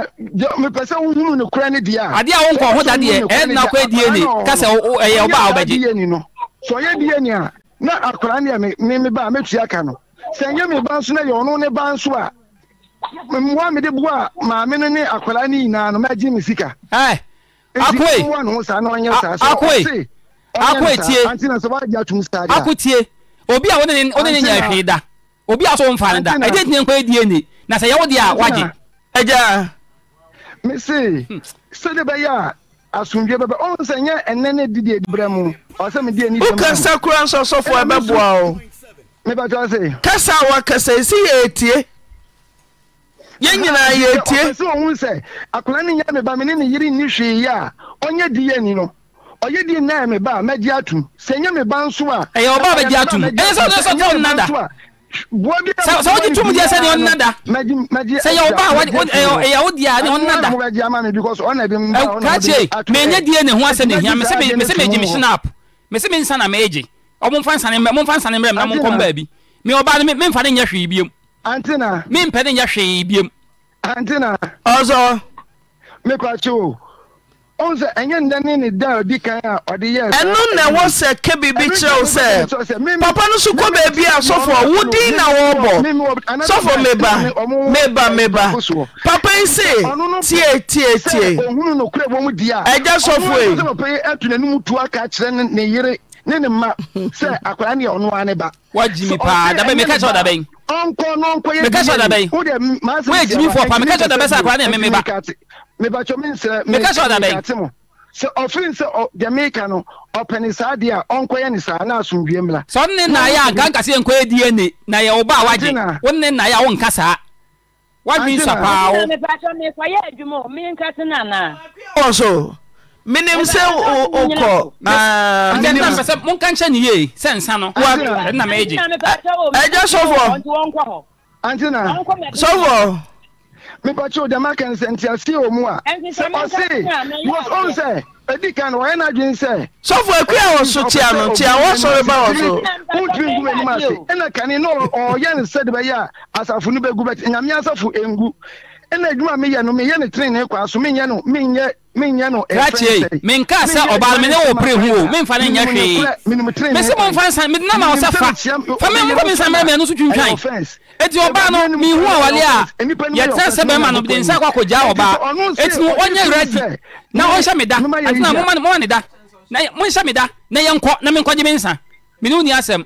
mepɛ sɛ wohunu no kora ne deɛ a adeɛ a wonkɔ ho dadeɛ ɛnna kɔ adie ni ka sɛ ɛyɛ ɔba a wobɛgye ni no sɛ ɔyɛ die ni a na akora ne me me me ba metua ka no sɛ nyɛ me ba nso na yɛ ɔno ne ba nso a mmoa mede boa a maame no ne akwaraa no nyinaa no magye me sika akoe akoe tie obi a wone ne nya hwee da obi aso so mfa no da ɛgye tina nkɔ ɛdie ni na sɛ yɛwo deɛ a wagye ɛgya mese hmm. sɛde bɛyɛ a asomdwe bɛbɛ ɔhu sɛ nyɛ ɛnɛ ne didi adibrɛ mu ɔsɛ mede ani wokasa kora nso ɔsɔfoɔ ɛbɛboa o mebɛtoa se kasa a wakasa ɛsi yɛ ɛtie yɛn nyinaa yɛ tie. ɔsɛ ohun sɛ akwadaa ni nya mi ba mi ni ne yiri ni hwee yia ɔnyɛ di yɛ ni no ɔyɛ di na yɛ mi ba mɛ di atum sɛ nyɛ mi ba nso a. ɛyɛ ɔba bɛ di atum ɛyɛ sɛ ɔdɛ sɛ sɛ wogye tom deɛ sɛdeɛ ɔnnada sɛ yɛ woba ɛyɛ wo deɛ a ne ɔnnadakrakye menya die ne ho asɛ ne hia mesɛ megye mehye no ap mesɛ mensa na meegye ɔmomfa nsane mmerɛ m na monkɔm baabi me ɔba no memfa ne nyɛ hwee biom mempɛ ne nyɛ hwee biom ɔsɔ mekrakye o ɔn sɛ ɛnyɛ ndani ni da ɔdi kan a ɔdi yɛ. ɛnu na ɛwɔ sɛ kebi bi kyerɛw sɛ papa no so kɔ beebi a sɔfo wudi na wɔbɔ sɔfo meba meba meba papa yi se tie tie tie ɛgya sɔfo yi. ne ne ma sɛ akwadaa ne yɛ ɔno ara ne ba. wajimi paa dabe meka kyerɛ dabe yi. ɔnkɔ n'ɔnkɔ yɛ jimi meka kyerɛ dabe yi. wo yɛ jimi fɔ paa meka kyerɛ dabe sɛ akwadaa ne yɛ mɛmɛ ba mepatwa mi nsɛ meka sɛ ɔdabɛn mo sɛ ɔfiri sɛ deɛ meka no ɔpɛne saa deɛ a ɔnkɔyɛ ne saa na asomdwie mmra sɛ ɔne na ayɛ a nka nka sɛ yɛnkɔyɛ die ne na yɛwo ba a wagye wo ne na ayɛ a wonka saa wadwen sa paa wo mepatwa mekɔyɛ adwuma o menka se no anaa ɔso menim sɛ wokɔ sɛ monka nkyɛ ne yie sɛ nsa no ɛnna megye agya sɔfoɔ sɔfoɔ mepɛkyɛw dɛm aka nsɛntease wɔ mu a ɔse ɔhu sɛ ɛdi kan wɔyɛ no adwene sɛ sɔfo aku a wɔ tia no tia wɔsɔre ba wɔ so wontumi ngu m'anim ase ɛna kane na ɔyɛ no sɛde bɛyɛ a asafo no bɛgu bɛt nyame asafo ɛngu ɛna adwuma meyɛ no meyɛ no tenenee kwa so menyɛ no menyɛ menyɛ no krakyei menka sɛ ɔbaa mene wo pere ho o memfa no nyɛ hwee mɛsɛ momfa nsa medena ma wo sɛ fa fa memfa me nsammerɛ mmiɛno so twintwan ɛti ɔbaa no mehu awale a yɛtena sɛ bɛma no de nsa kɔ akɔgyaa ɔbaa ɛti no ɔnyɛ werɛ adi na ɔnhyɛ me da antena moma ne da monhyɛ me da na yɛnkɔ na menkɔgye me nsa mene wo ni asɛm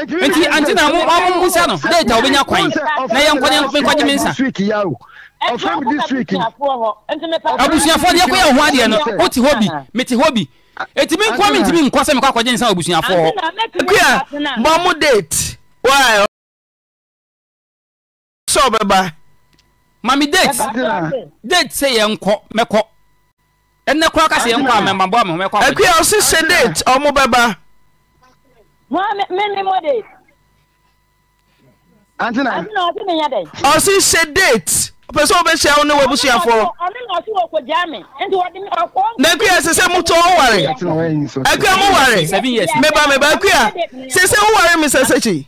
nti antena mo musa no data wobɛnya kwan na yɛnkɔ menkɔgye me nsa ɔfam dis week abusuafoɔ deɛ kɔyɛ ho adeɛ no wote hɔ bi mete hɔ bi ɛtumi nkɔ me ntimi nkɔ sɛ mekɔ akɔgye nsa abusuafoɔ hɔ kua bɔ mo date why sɛ ɔbɛba mami date date sɛ yɛnkɔ mɛkɔ ɛnɛ koraa ka sɛ yɛnkɔ a mɛmabɔ a me ho mɛkɔ akua ɔse sɛ date ɔmo bɛba ɔse hyɛ date pɛ sɛ wobɛhyia wo ne w'abusuafoɔ na akua sɛ sɛ motɔ wo ware akua mo ware meba meba akua sɛ sɛ wo ware me sasakyi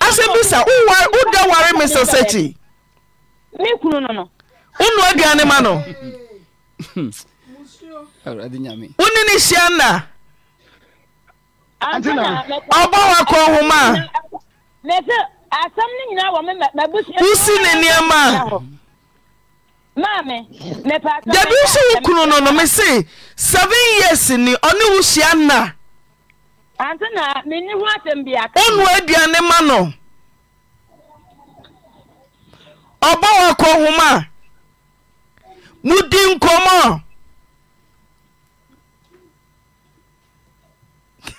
asɛm bi sa woda ware me sasakyi wonua aduane ma no wone ne hyia nna asɛm no nyinaa wɔ me mabusua ne nneɛma maame mepɛ dabi nso wo kunu no no mese seven years ni ɔne wo hyia nna ante na menni ho asɛm bi aka aduane ma no ɔbɔ wɔ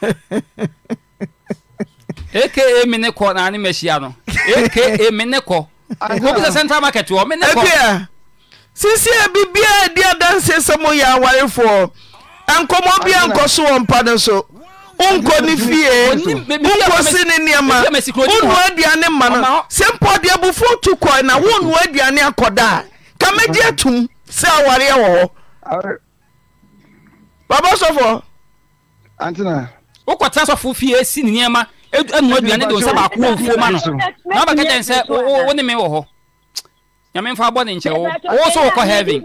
aka me ne kɔ naane mahyia no aka me ne kɔ wobi central market wɔ me ne kɔ sisia biribiaa di adanseɛ sɛ moyɛ awarefoɔ ankɔmmɔ bia nkɔ wɔ mpa no so wonkɔ ne fie wonkɔ si ne nneɛma wonnoa aduane no na wonnoa aduane akɔda a ka mɛgye atom sɛ wɔ hɔ baba sɔfoɔ wokɔtena sɔfo fie si ne nneɛma ɛnu aduane de nsa baako wɔ nfuo ma no na bɛka kyɛn sɛ wo ne me wɔ hɔ nyame mfa bɔ ne nkyɛ wo wo so wokɔ heaven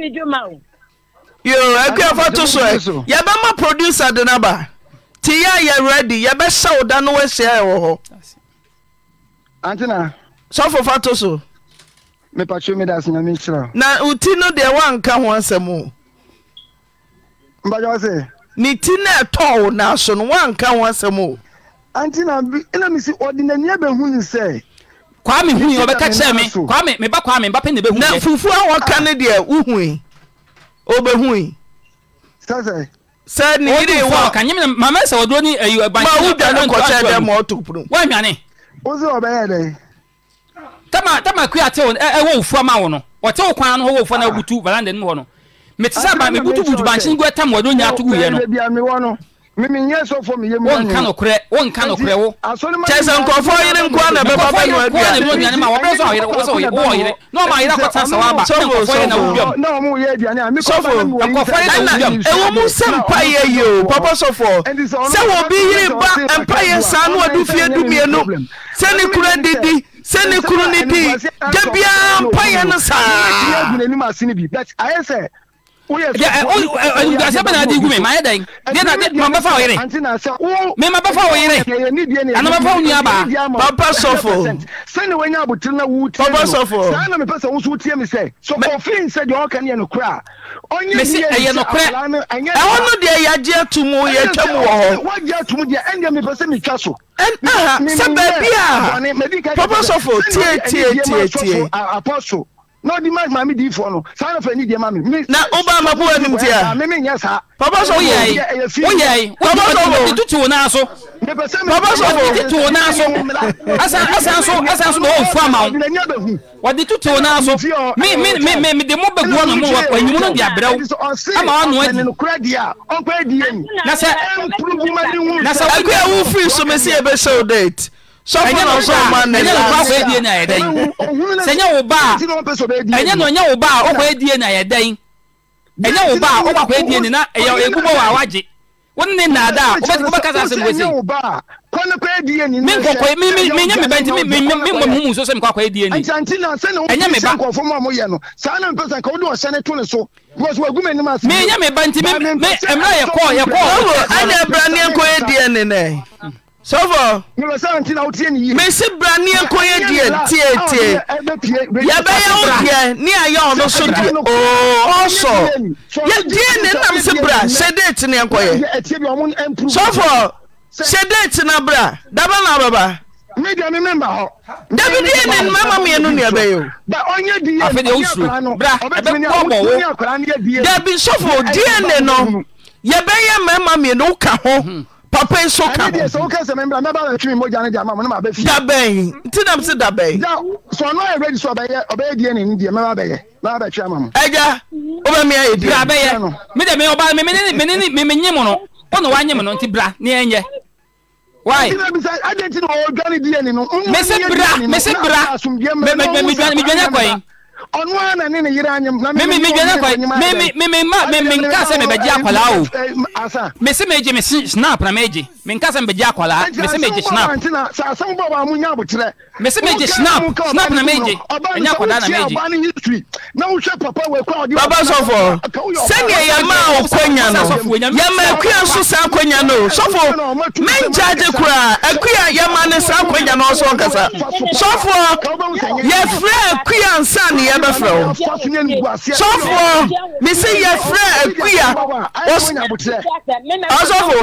yo akuafa to so ɛ yɛbɛma producer de no ba yɛ a ready yɛbɛhyɛ wo da no woahyia ɛwɔ hɔ antina sɔfo fa to so mepatwe me das nyame nhyira na wo ti no deɛ woanka ho asɛm o mbagyɛ sɛ ne ti no ɛtɔɔ wo naaso no woanka ho asɛm o ɔdenɛ bɛhune sɛ ka mebɛkɛ kyɛmmakmfufukade uɛuɛasɛ aɛama wfuama wo noɔte wo kwa n btan mtesɛbut bt bayen otamenyatɛ mímí nyẹ sọfọ mi yé mi. wọn nka nọkùrẹ wọn nka nọkùrẹ wo. kyẹsẹ nkọfọ yiri nkọ na bẹ bàbá yìí wà bíyà. nkọfọ yìí nkọ na bẹ bàbá yìí wà bíyà. wọ́n yìí n'o ma yìí akọta sẹ wà bá nkọfọ yìí na wùbíọ̀m. sọfọ nkọfọ yìí na wùbíọ̀m. ewu mu sẹ mpa yẹ yẹ o papa sọfọ sẹ wọ bi yiri ba mpa yẹ sànú ọdún fiye dumienu sẹ ni kura didi sẹ ni kuru ni di jẹ biya mpa yẹ ni sàá asɛ bɛ naade gu me mayɛ dɛn deɛ mabɛfa wo yere me mabɛfa wo yere ana mɛfa wo nuabaa papa sɔfo sɛne wanya abotere na wopapa sɔfo saa na mepɛ sɛ wo so wotie me sɛ sɛ ɔfin sɛ deɛ ɔka no yɛ nokorɛ a mesi ɛyɛ nokorɛ ɛhɔ no deɛ yɛagye ato mu yɛatwa mu wɔ hɔ wagye ato mu deɛ ɛnyɛ mepɛ sɛ metwa so sɛ baabi a papa sɔfo tie tie tie tie na ɔde ma maame di ifo no saa na fɛn ni diɛ ma mi. na o ba ma ko ɛnum tia. mi mi nyɛ saa. papa sɔ woyɛ yi woyɛ yi papa sɔ wo ti tutu wo n'aso. papa sɔ wo ti tutu wo n'aso asan asan so asan so na o fu ama wo. wɔde tutu wo n'aso mi mi mi mi mi de mo bɛ gu ɔnà mu wa ɛnum no di abirɛw ama wa nua di. na sɛ na sɛ wo kura wo firi so mi si ebe show date sọfún náà sọ ọmọ ẹ ẹnyẹ lọba ọkọ edie na ẹyẹ dẹyin sẹnyẹ wo ba ẹnyẹ na ọnyẹ wo ba ọkọ edie na ẹyẹ dẹyin ẹnyẹ wo ba ọkọ akọ edie ni na ẹyẹ egbubọ wa awagye wọn ni nnaada a ọbẹ ọbẹ kasa asem wẹsẹ mi nkọkọ mi mi mi nyẹ mi bẹ nti mi mi mi mi mọ mu nsọsọ mi kọ akọ edie ni ẹnyẹ mi ba mi nyẹ mi bẹ nti mi mi mìíràn yẹ kọ yẹ kọ. ẹnna ẹbẹrẹ ni ẹ kọ edie ni nẹ sọfọ. nyimasa nti na o tie ni yie. mesi bra ni ekɔ ye diɛ tie tie yabɛyɛ o diɛ ni a yɛ ɔno so diɛ ooo ɔsɔ si bra sɛ deeti ni ekɔ yɛ sɔfɔ sɛ deeti na bra daba na ababa. mi mi mi dabi diɛ ni mama mienu ni ɛbɛ ye o. ba ɔnye diɛ afɛ de o bra ɛbɛ kɔmɔ wo dabi sɔfɔ diɛ ni no yɛbɛyɛ mɛma mienu ka ho papa yi so ka ho. ɛni deɛ sɛ o kɛ sɛmɛ nbila mɛba bɛ fi mi mogya ne deɛ ama mo ne ma bɛ fi. dabɛn nti nam se dabɛn. ja sɔɔni ayɛ ready so ɔbɛyɛ ɔbɛyɛ die ne ni deɛ mɛba bɛyɛ mɛba bɛ fi ama mo. ɛja o bɛ mi ayɛ die. bra bɛyɛ mi de mi ɔba mi mi ni mi ni mi mi nyi mu no o na wa nyi mu no nti bra ni ɛ nyɛ. wáyé. ɛdí mi sɛ ɛdí ti na ɔjɔ ni die ni no. mɛ se bra mɛ se bra mɛ mɛ mɛ mi jɔ ni akɔ ɔno ara na ne ne yere anyam na mimi mi gyan akwa mimi mimi ma mimi nka sɛ me bɛgye akwala o me se me gye me snap na me gye me nka sɛ me bɛgye akwala me se me gye snap ntina bɔ ba mu nya abokyerɛ Mese meje snap snap na meje ɛnyɛ akwadaa na meje. baba sɔfo sɛdeɛ yɛma ɔkonya no yama akuya nso saa akonya no sɔfo menkyagye koraa akuya yɛma ne saa akonya no ɔso ɔnkasa sɔfo yɛfrɛ akuya nsa ne yɛbɛfrɛ wo sɔfo mesi yɛfrɛ akuya ɔsɔfo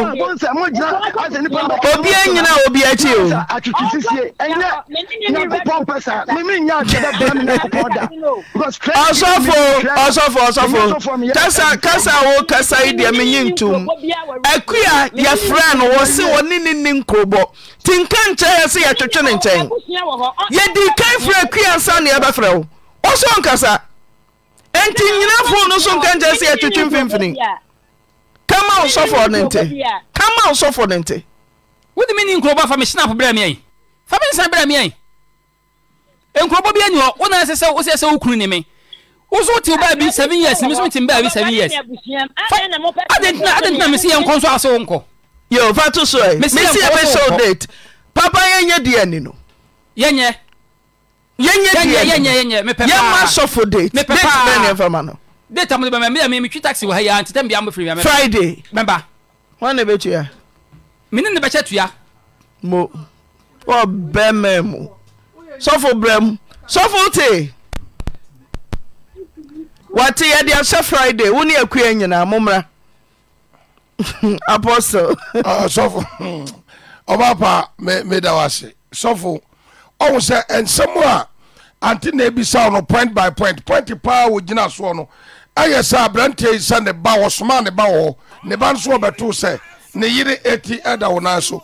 obi anyina obi akyi o. nyankopɔn pɛ sa kasa kasa wo kasa yi deɛ menyi ntom aku a yɛfrɛ no wɔ se wɔ ne ne nkurobɔ tinka nkyɛn yɛ sɛ yɛtwetwe ne nkyɛn yɛdi kan frɛ aku a nsa ne yɛbɛfrɛ wo ɔsɔ nkasa nti nyinafo no so nka nkyɛn sɛ yɛtwetwe mfimfini kama wo ne nte kama wo ne nte wode meni nkurobɔ afa mehyena po berɛ me faminsan bra mia nkurobɔbianihɔ onasɛɛosɛ sɛ wokuru ne me woso woteo bab ye a ɔbɛma mu sɔfo brɛ mu sɔfo te wɔte yɛde ahyɛ friday wo ne akua nyinaa mommra apostle sɔfo ah, ɔba pa meda wo ase sɔfo ɔwo sɛ ɛnsɛm a ante na ebisa no point by point point paa wɔgyina soɔ no ɛyɛ sɛ aberante yi sɛ ne ba wɔsomaa ne ba wɔ hɔ ne ba nso ɔbɛtoo sɛ ne yere ɛti ɛda wo nan so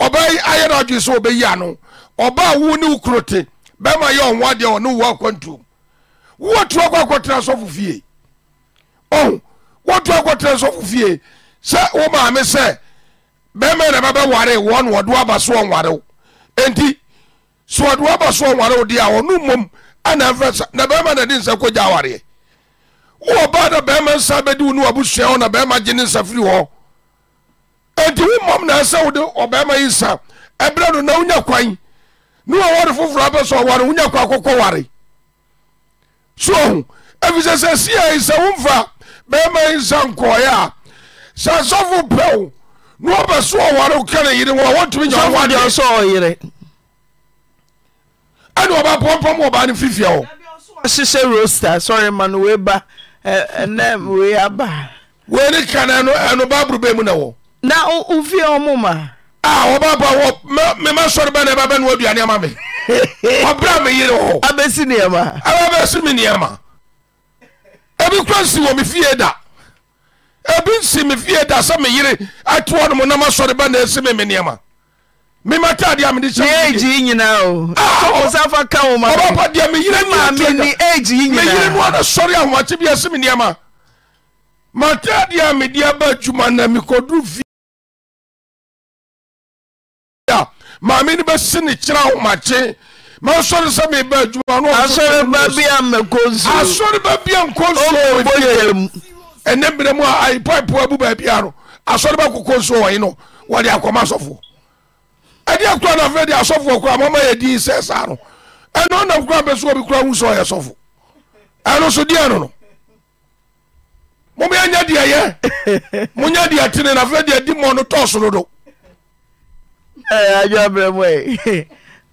ɔbaa yi ayɛ no adwene sɛ ɔbɛyi ano ɔbaa wo ne wo kuro te bɛma yɛ ɔnwa deɛ ɔne wo akwantuom wowɔtua kɔ akɔtena sɔfo fie ɔhu wɔtua kɔtena sɔfo fie sɛ wo maame sɛ bɛma na bɛbɛware wɔn wɔde waba so ɔnware wo enti sɛ wɔde waba so ɔnware wo deɛ a ɔno mmom ana mfɛ sa na bɛma na de nsa kɔgya awareɛ wowɔ baa na bɛma nsa bɛdi wo ne wabusua hɔ na bɛma gye ne nsa firi hɔ eti wo mɔm na ɛsɛ wo de ɔbɛrima yi sa ɛbrɛ no na wonya kwan ne wɔwɔre foforɔ apɛ sɛ ɔware wonya kwan kɔkɔ ware so ɔho ɛfisɛ sɛ sia yi sɛ womfa bɛrima yi sa nkɔɔeɛ a sɛ asɔfo pɛ wo ne wɔbɛ so ɔware wo ka ne yere wɔ wɔtumi nya wadeɛ sɛ ɔyere ɛne ɔba pɔmpɔm ɔbaa ne fifia hɔ hyehyɛ rosta sɔre ma no wei ɛnɛ wei aba wei ne kana no ɛno baboro bɛ mu na wɔ na ofie ọmụ ma. a ọba bọ wọ mmemme sọrọ bẹẹ na ẹbẹ bẹẹ ni wọn aduane ama mi ọbẹrẹ mi yiri wọ. abesi nìyẹnma. abesi mi nìyẹnma ebi kura nsi wọ mi fie da ebi nsi mi fie da sẹ mi yiri ati wọn mu nam asọrọ bẹẹ na esi mi mi nìyẹnma mi ma taade a mi di sẹ mi yiri. ní èjì nyinaa o. a o sáfa ka o ma. ọba bọ diẹ mi yiri nu ọtí ẹja mi ni èjì nyinaa. mi yiri nu ọdọ sọrọ àwọn àti bi esi mi nìyẹnma ma taade a mi di ẹbẹ juma na mi kò dùn fi. maame ni bɛ si ne kyerɛ ahomakye masɔre sɛ meba adwuma no asɔre ba bi a mɛkɔ nsuo asɔre ba bi a nkɔ nsuo wɔ mu ɛnɛ mmerɛ mu a aipoapo abu baabi a no asɔre ba kokɔ nsuo wɔ yi no wɔde akɔma asɔfoɔ ɛde akora no afei de asɔfoɔ kora mɔma yɛ din sɛ saa no ɛno nam kora bɛ so obi kora wu sɛ ɔyɛ sɔfo ɛno so deɛ no no moma yɛanya deɛ yɛ monya deɛ tene na afei deɛ di mmɔ no do adwo abrɛ mu ɛ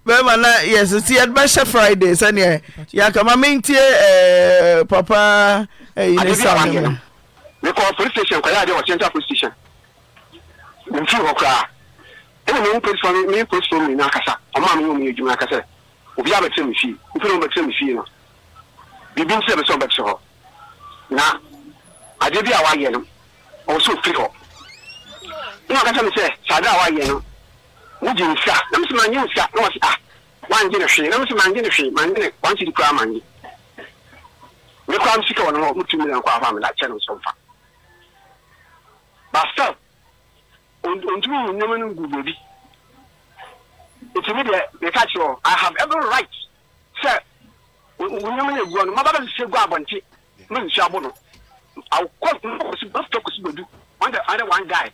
bɛrima na yɛsɛ ti yɛbɛhyɛ friday sɛneɛ yɛakama mentie papa ayi ne sa no mu mekɔ police station kɔyɛ adeɛ wɔkyɛnta police station mfiri hɔ koraa ɛna mewu police fo me police fo nyinaa kasa ɔma me yɛ ɔmuyɛ adwuma aka sɛ obi abɛtɛ me fie mfiri hɔ bɛtɛ me fie no biribi nti sɛ bɛ sɛ ɔbɛtɛ hɔ na adeɛ bi a wayɛ no ɔwɔ sɛ ofiri hɔ na ɔka sɛ me sɛ sɛ adeɛ a wayɛ no wogye nsa na mso mangye nsa na wɔse ah wangye no hwee na mso mangye no hwee mangye no wankye di koraa mangye mekora msika wɔ no hɔ motumi na nkɔ afa mena kyɛ no nso mfa basa ɔntumi wu nnwoma no gu baabi nti me deɛ meka kyerɛ i have every right sɛ nnwoma no ɛgu no mababa sesɛ gu abɔnte ma nsu abo no awokɔ mkɔsi kɔsi badu ɔndɛ one guy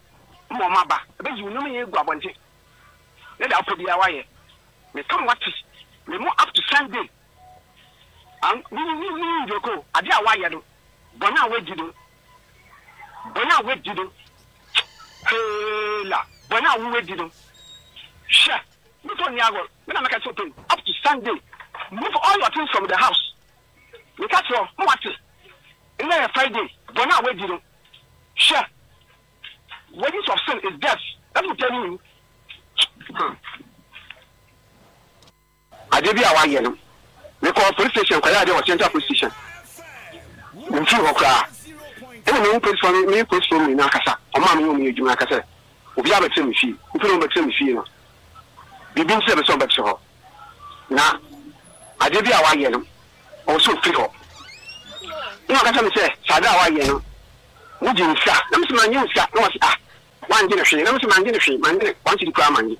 ma ɔmaba ɛbɛyi nnwoma yɛ gu abɔnte ne da akɔ biara wayɛ metam wate me mu up to sunday meyindwoko ade a wayɛ no bɔne a wadi no bɔne a wadi no hela bɔne a wowadi no hwɛ mefɔ nni agɔ mena meka sɛ pɛm up to sunday move all your things from the house meka kyerɛ mowate nnɛ yɛ friday bɔne a wadi no hwɛ wages of sin is death let me tell you Hmm. ade a wayɛ no mekɔ police station kɔyɛ adeɛ wɔ central police station mfiri hɔ koraa ɛna me police fo me police fo nyinaa kasa ɔma me yɛ adwuma akasa. obi a abɛtɛ me fie mfiri hɔ bɛtɛ me fie no biribi nsɛ bɛsɛ ɔbɛtɛ hɔ na ade bi a wayɛ no ɔwɔ sɛ ofiri hɔ ɛna ɔkasa me sɛ sɛ ade a wayɛ no wogye nsa na mesɛ manyɛ nsa na wɔ sɛ ah wangyene hwee nam sɛ mangyene hwee mangyene wankyiri koraa manye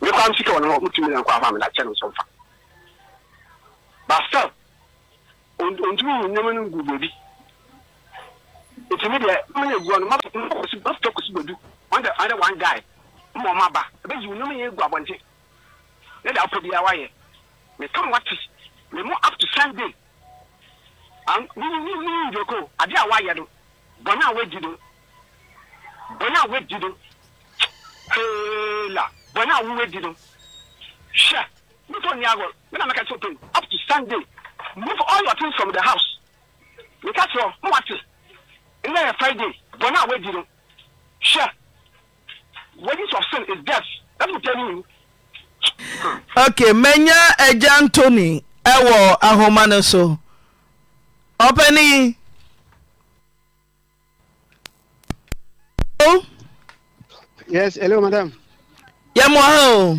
mekwa nso kɛ wɔno hɔ motumi na nkɔ afa medakyɛ no nso mfa basa ɔntumi wu nneɛma no gu baabi nti me deɛ mɛyɛ gua no mafta kɔsi badu wanda ada one guy ma ɔma ba ɛbɛyi wo nneɛma yɛ gu abɔnten ne da wopɛ biara wayɛ meka wate me mo up to sunday menyindwako adeɛ a wayɛ no bɔne a wagyi no bɔne a woadi no hwee la bɔne a wowadi no hyɛ mefɔ nni agɔ me na mɛka up to sunday move all your things from the house meka kyerɛ mowate nnɛ yɛ friday bɔne a woadi no hyɛ wages of sin is death let me tell you okay manya agya antony ɛwɔ ahoma no so ɔpɛni hello. yes hello madam. yẹ mọ ha o.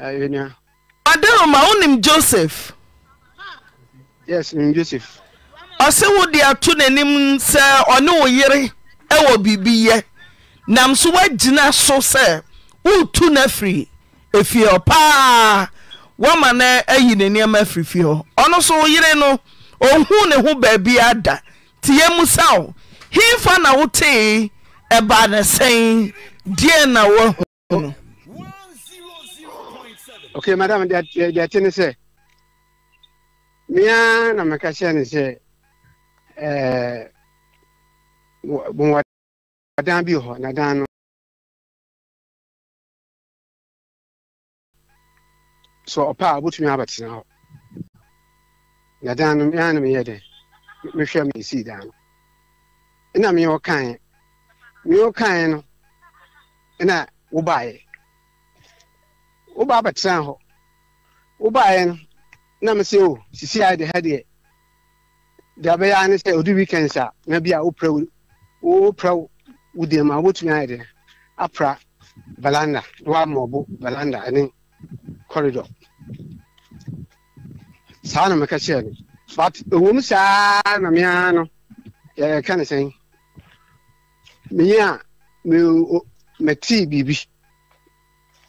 ayo ni a. madam ahonim joseph. yes nim joseph. ọsẹ wo de ato n'anim sẹ ọne wo yere ɛwɔ biribi yɛ nam so woagyina eh, eh, eh, oh. so sɛ wotu no afiri oh, efie hɔ paa wɔma no ayi ne nneɛma afiri fie hɔ ɔno so wo no ɔhu ne ho baabi ada nti yɛ mu na wotee oh ɛba ne sɛn deɛ na wahu no. ok madam deɛ te ne sɛ mea na meka kyerɛ ne sɛ ɛɛ eh, wɔdan bi hɔ na dan no sɛ ɔpɛ a wobɛtumi abɛtena hɔ na dan no mea na meyɛ dɛ mehwɛ mesii dan no ɛna meyɛ ɔkaeɛ nea ɔkae no na wobaeɛ woba abɛtena hɔ wobaeɛ no na me sɛ o oh, sisi a de ha deɛ deɛ ɔbɛyɛ ne sɛ ɔde weekends a na bi a wopra wopra wo deɛ ma wobɛtumi ayɛ deɛ apra balanda na woama ɔbo balanda ne corridor saa na meka kyerɛ no but ɛwom saa na mea no yɛka ne sɛn meyi a me mɛtee biribi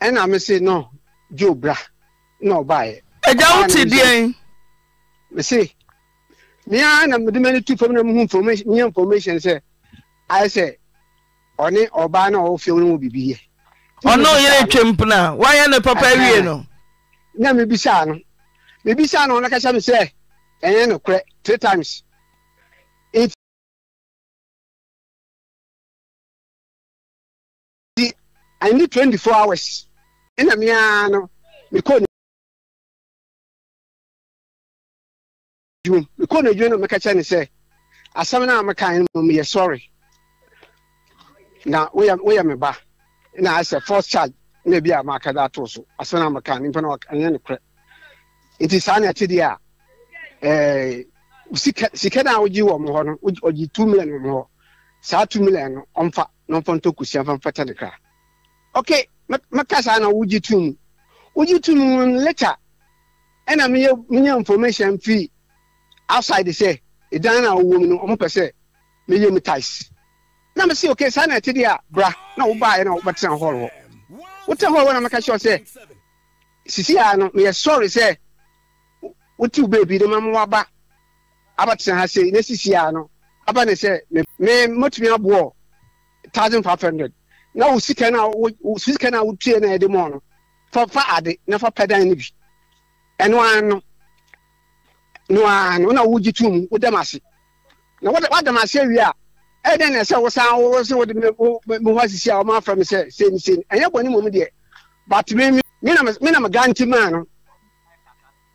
ɛna me se no gye obra na ɔbaeɛ agya wo te deɛn mese mea na mede m'ani tu fam na muhu menya information sɛ ayɛ sɛ ɔne ɔbaa na ɔwɔ fiam no mu biribi yɛ ɔne ɔyere twam pena woayɛ ne papa wie no na mebisaa no mebisaa no ɔno ka kyɛ me sɛ ɛnyɛ nokorɛ three times i need twenty four hours ɛna mmea no mekɔ n'adwuma mekɔ n'adwuma no meka kyerɛ ne sɛ asɛm no a mekan no meyɛ sɔre na woyɛ woyɛ me ba na asɛ first charge na bi a maka da ato so asɛm no a mekan nipa no ɛnyɛ no korɛ nti saa na ɛte deɛ a ɛɛ sika sika no a wogye wɔ mo hɔ no wogye two million wɔ hɔ saa two million no ɔmfa na ɔmfa ntɔ kusia mfa mfa ne kra okay mɛka saa na wogye to later ɛna meyɛ menya information fee outside They say na wowɔ mu no ɔmo pɛ sɛ meyɛ mu ties na okay saa na ɛte deɛ bra na wobaeɛ na wobɛtena hɔ hɔ wotena hɔ hɔ na mɛka kyerɛ sɛ sisi a no meyɛ sɔre sɛ baby wo baabi waba abatsan ha sei na sisi a no aba ne sɛ me mɛtumi aboɔ thousand five hundred na wo sika na wo sika na wo tue na ɛde mɔ no fa fa ade na fa pɛ dan no bi ɛno ano no ano na wogye tum wodam ase na wadam ase awie a ɛdɛn na ɛsɛ wosan wo sɛ wode me ho asisi a ɔma afrɛ me sɛ sɛnisɛni ɛnyɛ bɔne mmom deɛ but me menam garanti maa no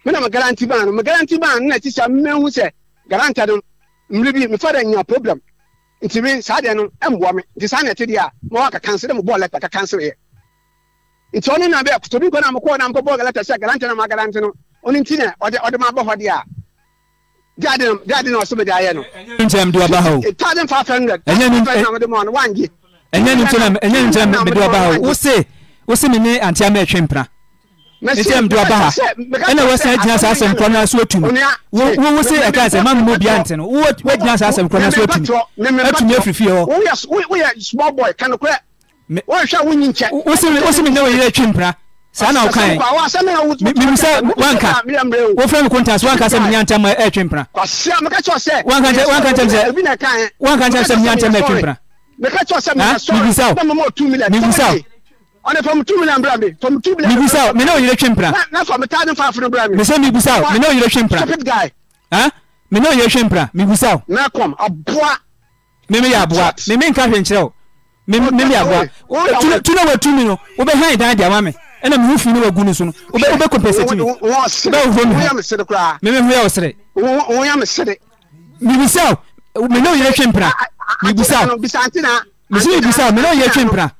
menam garanti maa no me garanti maa no na ɛti sɛ mehu sɛ garanta no mmere bi mefa da nya problem ntumi saa deɛ no mboa me nti saa na ɛte deɛ a ma wɔaka kanse dɛ mobɔɔ lɛta ka yɛ nti ɔno na bɛ tobi nkɔ na mokɔɔ na mkɔbɔɔ galata sɛ galante na magalante no ɔno nti na ɔde ɔde ma bɔ hɔ deɛ a deade deade na ɔsɛ bɛde ayɛ no nkyɛm de ɔba hɔ tade mfa fɛ ngɛ ɛnyɛ ne mfa na mode ma ɔno wangye ɛnyɛ ne nkyɛm ɛnyɛ ne nkyɛm mede ɔba hɔ wose wose me ne antia ma ɛtwe mpra ɛkyɛ mdo aba ha ɛna wɔsan gyina saa asɛm korɔ no aso atum wowo se ɛka sɛ ma mmɔ bia nte no woagyina saa asɛm korɔ no aso atumi atumi afiri fie hɔ wose menya wɔyerɛ atwi mpra saa na wokae mim sɛ wanka wofrɛ me kontas wanka sɛ menya ntam atwi mpra wanka ntam sɛ menya ntam atwi mpra mebisa wo mebisa wo ɔne fam tu mi na mbra mi fam tu mi na. mibusa mi na oyire twi mpira. na fam taa ne faafo ne mbra mi. misɛn mibusa mi na oyire twi mpira. stupid guy. ɛn mi na oyire twi mpira mibusa. mɛkɔm aboa. mímí yɛ aboa mímí nka hwɛ nkyerɛ o mímí yɛ aboa tu na wa tu mi no o bɛ hɛn dan di ama mi ɛna mi hufi ne wa gu ne so no o bɛ o bɛ compensate mi o bɛ o fo mi hɔ mímí hu yɛ o sere. wɔn yɛ mi sere. o mi na oyire twi mpira mibusa misi mibusa mi na oyire twi mpira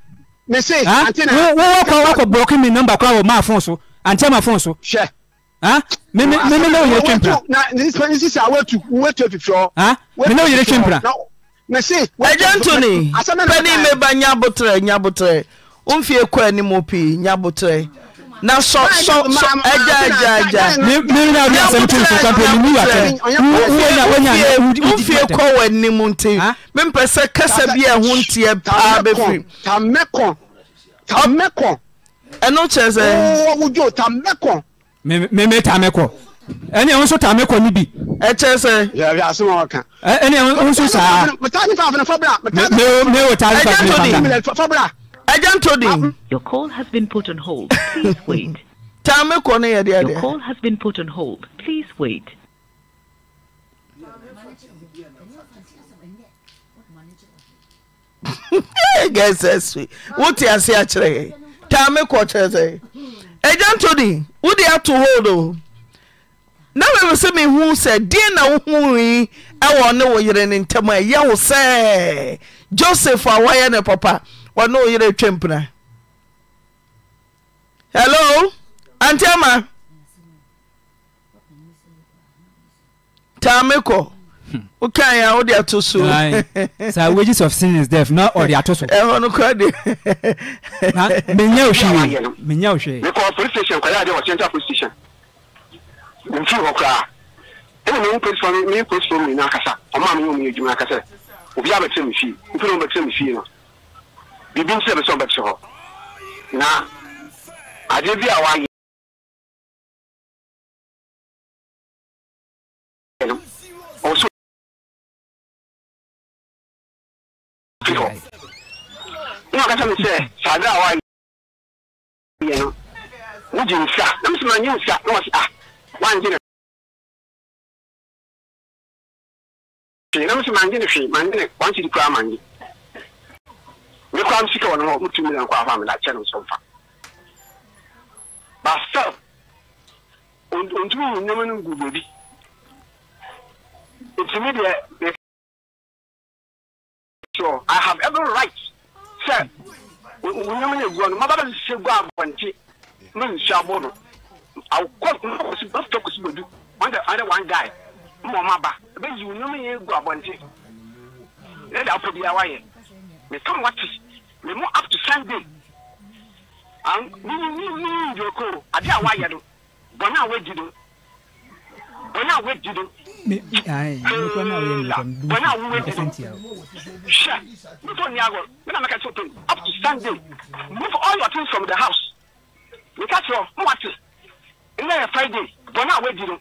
ne se ante na. wọ́n wọ́n kọ́ wọ́n kọ́ bùrọ̀kì mi nọ́mbà kọ́ àwọn máa fún so àǹtí àmà fún so. sẹ. mímí mímí náà yẹ twempira. na nsisi a wetu wetu efifi ọ. mímí náà yẹ twempira. ne se. ẹjẹ ntoni pẹni mẹba nyabotrẹ nyabotrẹ n fi ekọ ẹnimu pii nyabotrẹ na sọ sọ sọ ẹja ẹja ẹja. mímí náà rí asẹ́mi tó nso kan pé ní wúwo àtẹ wúwo náà wọ́n yàn án wúdi wúdi fẹ́. n fi ekọ wọ ẹnimu ntẹ mímpẹsẹ kẹsẹ bí ẹhun tiẹ paa bẹ fi. ta mẹkọ tamẹkọ. ẹnu kyerɛ sɛ. wọ́n wújú tamẹkọ. mímí tamẹkọ ɛni ɛwọn nso tamẹkọ níbi. ẹ kyerɛ sɛ. yàrá yàrá kan. ɛni ɛwọn nso saa. mẹtaani fanfani fabra. mẹwò taani fanfani fabra. ɛjẹ ntodi. your call has been put on hold please wait. tamẹkọ ni yẹ di ẹ your call has been put on hold please wait. gɛsɛ si wote ase akyerɛ taa me kɔ kyerɛ sɛ agya ntoni wode ato hold o na mɛmɛ sɛ mehu sɛ deɛ na wohui ɛwɔ ne wo yere ne ntam a ɛyɛ wo sɛ joseph a wɔyɛ ne papa ɔne wo yere mpena hello anti taa me kɔ wokan a wode ato so sa wages of sin is death na ɔde ato so ɛhɔ no kora de menya wo hwee menya wo hwee mekɔ police station kɔyɛ adeɛ wɔkyɛnta police station mfiri hɔ koraa ɛna mewu polisifoɔ no me polisifoɔ mu nyinaa kasa ɔma me nyɛ adwuma aka sɛ obiaa bɛkyerɛ me fie mfiri no bɛkyerɛ me fie no biribi nti sɛ bɛsɛ ɔbɛkyerɛ hɔ na adeɛ bi a wayɛ wọn akasa mi sɛ sade a wayɛ yɛ no wogye nsa na mi sɛ nsa na wɔsi a ah, wangye ne hwee na mi sɛ ne hwee ma ne wansi di kura ma nye mi sika wɔ ne ho mutu mi nkɔ afa mi na kyɛ ne nso nfa baasa ontumi no gu baabi ntumi deɛ sure i have every right sɛ onyam no egua no mmabaa bɛ gua abɔnti ne nsu abo no awokɔ bɛdu wɔn dɛ wɔn dɛ guy mma wɔn ba ebe yi yɛ egu abɔnti ne da afɔ biara wayɛ mɛ tɔn me mo up to sunday an ade a wayɛ no bɔnna a wagyi no na sure move all your things from the house me ka sɛ mo wa te nna yɛ friday bɔn na awɛ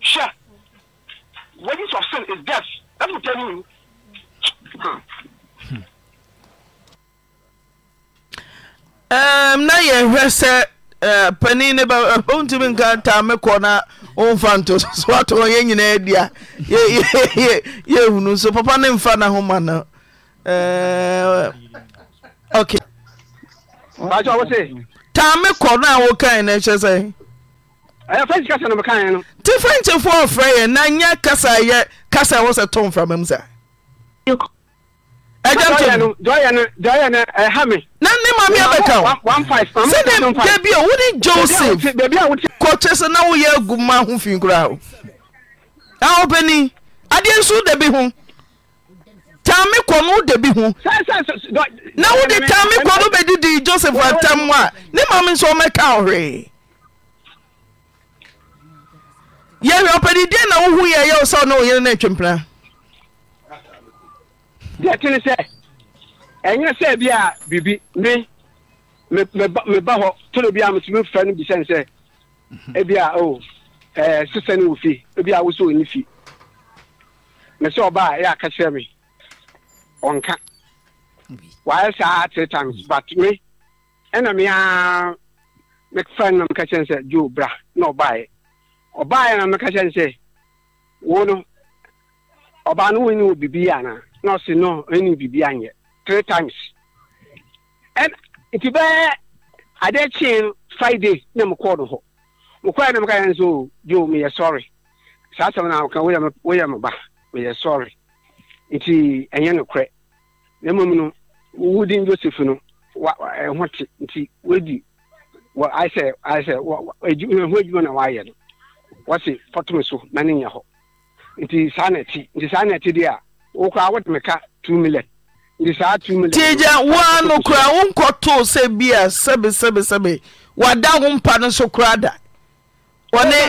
sure wages of sin is death let me tell you. Hmm. Um, na yɛhwɛ eh, sɛ uh, eh, panin ne ba ɔntumi nka ntaame kɔ na womfa nto soato yɛ nyinaa adia yɛhunu so papa ne mfa no ho ma no eh, taa me kɔ no a wokan no ɛkyɛ sɛ nti frentifo ɔfrɛ yɛ na nyɛ kasayɛ kasa wo sɛ tɔnframamu sa ɛjɛ ntɛ mu jɔyɛ no jɔyɛ no ɛha mi. na ne maame abɛka o sɛde beebi a wodi joseph kɔkye sɛ na woyɛ agu ma ho fi nkura o awo panyin adeɛ nso da bi ho taame kɔ no da bi ho na wode taame kɔ no bɛdi di joseph atam a ne maame nso ɔmɛka ɔhwee yɛhwɛ ɔpanyin deɛ na wohu yɛ yɛ ɔsɛ ɔne ɔyere no atwempena deɛ ti ne sɛ ɛnyɛ sɛ bi a bibi me me me ba hɔ toro bi a mo ti mi fɛ no bi sɛn sɛ ebi a o ɛɛ sisan ne wo fi ebi a woso oni fi mɛ sɛ ɔbaa ɛyɛ aka kyerɛ mi ɔnka wayɛ saa three times but me ɛna me aa me fɛn na me ka kyerɛ sɛ jo bra na ɔbaa yɛ ɔbaa yɛ na me ka kyerɛ sɛ wo no ɔbaa no wo ni wo bibi yɛ anaa na ɔsi no ɛni bibi anyɛ three times ɛn nti bɛɛ ade kyen no friday na mu kɔɔ no hɔ mu kɔɔ na mu ka yɛn nso jo mi yɛ sɔre saa asɛm na kan woyɛ woyɛ mu ba mi yɛ sɔre nti ɛnyɛ no korɛ na mmom no wudin joseph no wa ɛho te nti wadi wɔ ayisɛ ayisɛ wɔ edwuma ɛho edwuma na wayɛ no wɔsi fɔtum na ne nya hɔ nti saa na ɛti nti saa na ɛti deɛ a. wokora wotemeka t million ntiagya woa no koraa wonkɔtoo sɛ bi a sɛbesɛbesɛbe wada wo mpa no so kora da ɔne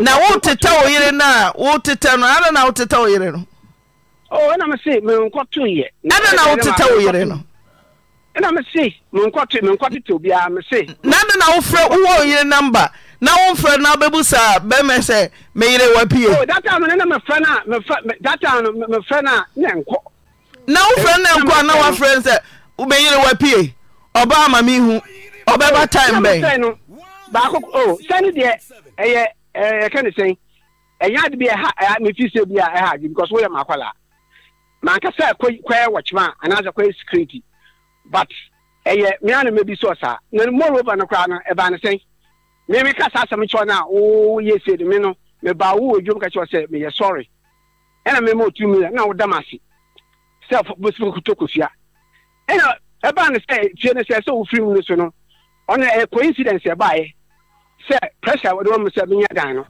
na woteta wo yere no oh, a woteta no ada na woteta wo yere no ada na woteta wo yere no na ada na wofrɛ wowɔ yere namba na womfrɛ no wobɛbu saa bɛmɛ sɛ meyere wa oh, pie na womfrɛ no nkɔ a na woafrɛ n sɛ meyere wa pie ɔbaa ma mehu ɔbɛba oh, baako o oh, sani deɛ ɛyɛ ɛka ne sɛn ɛnya ade bi ɛha mefi sɛ bi a ɛha gye because woyɛ makwalaa manka sɛ kɔyɛ a anaasɛ security but ɛyɛ mea no na no no ɛbaa ne sɛn mímí kasa asɛm kyɛw no a woyɛ sie de me no mebaa wo wɔ dwom ka kyɛw sɛ meyɛ sɔre ɛna mema ɔtumi a na woda m ase sɛ bɛsɛkotɔ kɔsua ɛna ɛbaa no sɛ fie no sɛ sɛ wofiri mu no so no ɔno ɛyɛ eh, coincidence ɛbaeɛ e sɛ pressure wɔde wɔ mu sɛ menya dan no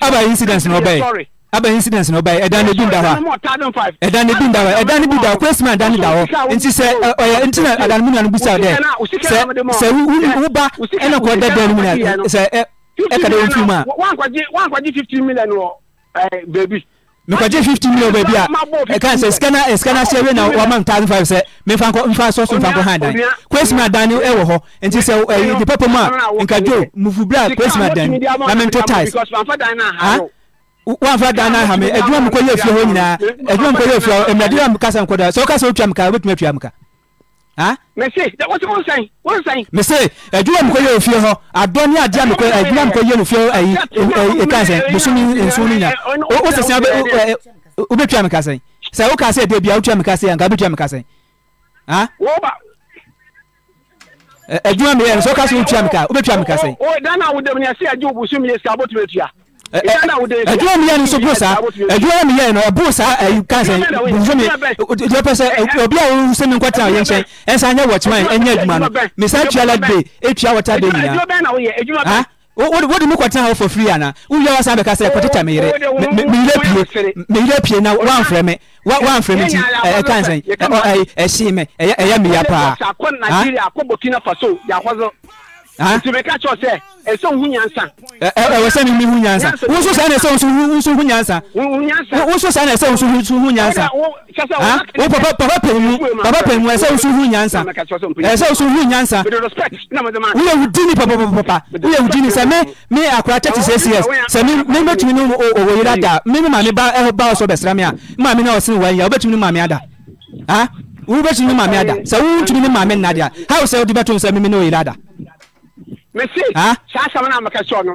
aba incidence na ɔbɛyɛ aba incident na ɔba yi ɛdan ne bi da hɔ a ɛdan ne bi da hɔ ɛdan ne bi da hɔ kwesima ɛdan ne da hɔ nti sɛ ɔyɛ eh, oh nti na adan mu na no busa dɛ sɛ sɛ wu wu ba ɛna kɔ da dɛn mu na sɛ ɛ ɛka dɛ wofi mu a. wankɔgye wankɔgye fifteen million wɔ ɛɛ beebi. mekɔgye fifteen million beebi a ɛka sɛ sika na sika na seɛ wei na wama n thousand five sɛ mefa nkɔ nfa sɔ so nfa nkɔ ha dan kwesima dan ne eh, ɛwɔ hɔ nti sɛ ɛɛ eh, di pɔpɔ mu a nkadwo mufubira kwesima dan na mento ties wamfa ghana ha me adwuma mu kɔyɛ fie hɔ nyinaa adwuma mu kɔyɛ fie hɔ mmadu yɛ mu kasa nkɔda sɛ ɔkasa otwa mu ka obetumi atwa mu ka ha. mese wosi wo nsɛn wo nsɛn. mese adwuma mu kɔyɛ fie hɔ adɔ ni adi amu kɔ adwuma mu kɔyɛ no fie hɔ ayi ɛka sɛn bosomi nsuo ni nya o sɛsɛn ɔbɛ obetwa mu ka sɛn sɛ o kasa ɛdi ebia otwa mu ka sɛn nka obetwa mu ka sɛn ha. wɔba. adwuma mu yɛ no sɛ ɔkasa otwa mu ka obetwa mu ka sɛn. o dana awudam ni ɛsɛ adi obusu mi yɛ sika abotu etua adwuma mi yɛ no nso bu mi yɛ no ɛbu ɛyi kansa nso mi deɛ pɛ obi a wɔn sɛ mi nkɔtena yɛn nkyɛn ɛnsa nyɛ wɔtuma yɛn ɛnyɛ adwuma no misa tia de etua wɔta de nyinaa ha wode me kɔtena hɔ for free ana wowie wasa bɛka sɛ kɔteta meyere meyere pie meyere pie na woamfrɛ me woamfrɛ me nti ɛka nsɛn ɛhyee me ɛyɛ meya paa nti meka kyerɛ sɛ ɛsɛ wohu nyansa ɛwɔ sɛ mimi hu nyansa wo nso saa na ɛsɛ wonso hu nyansa wo nso saa na ɛsɛ wonso hu nyansa wo papa papa pɛnmu papa pɛnmu ɛsɛ wonso hu nyansa ɛsɛ wonso hu nyansa woyɛ wo Papa, Papa. woyɛ wo dini sɛ me me akora thirty six years sɛ me me bɛtumi ne owó yira da me me maame ba ɛhɔ ba ɔsɔ bɛsira mi a maame na ɔsini wɔn yɛ ɔbɛtumi ne maame ada ah wo bɛtumi ne maame ada sɛ wo ntumi ne maame nna de a ha wo sɛ ɔde bɛtum sɛ mimi ne oyira da.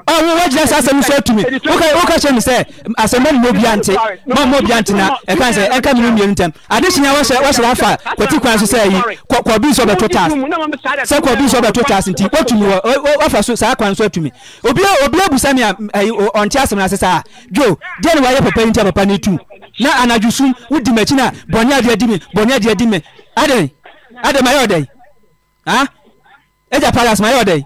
wowagyina saa asɛm so atumi woka kyerɛ me sɛ asɛmba ne mɔbia nte mɔbia ntena ɛkan sɛ ɛka mene mmienu ntɛm ade kyenya wɔhyerɛ afa kwati kwan so sɛ ayi kɔbi so bɛto tas sɛ kɔbi so bɛto tas nti wotumi wafa so saa kwan so atumi obia busa me a ɔnte asɛm no ase saa dwo deɛ ne wayɛ papa yi nti a papa no tu na anadwo sum wodi m'akyi no a bɔne adeɛ di me bɔne adeɛ di me adɛn adɛn ayɛ ɔdɛn ɛgya palace ma ayɛ ɔdɛn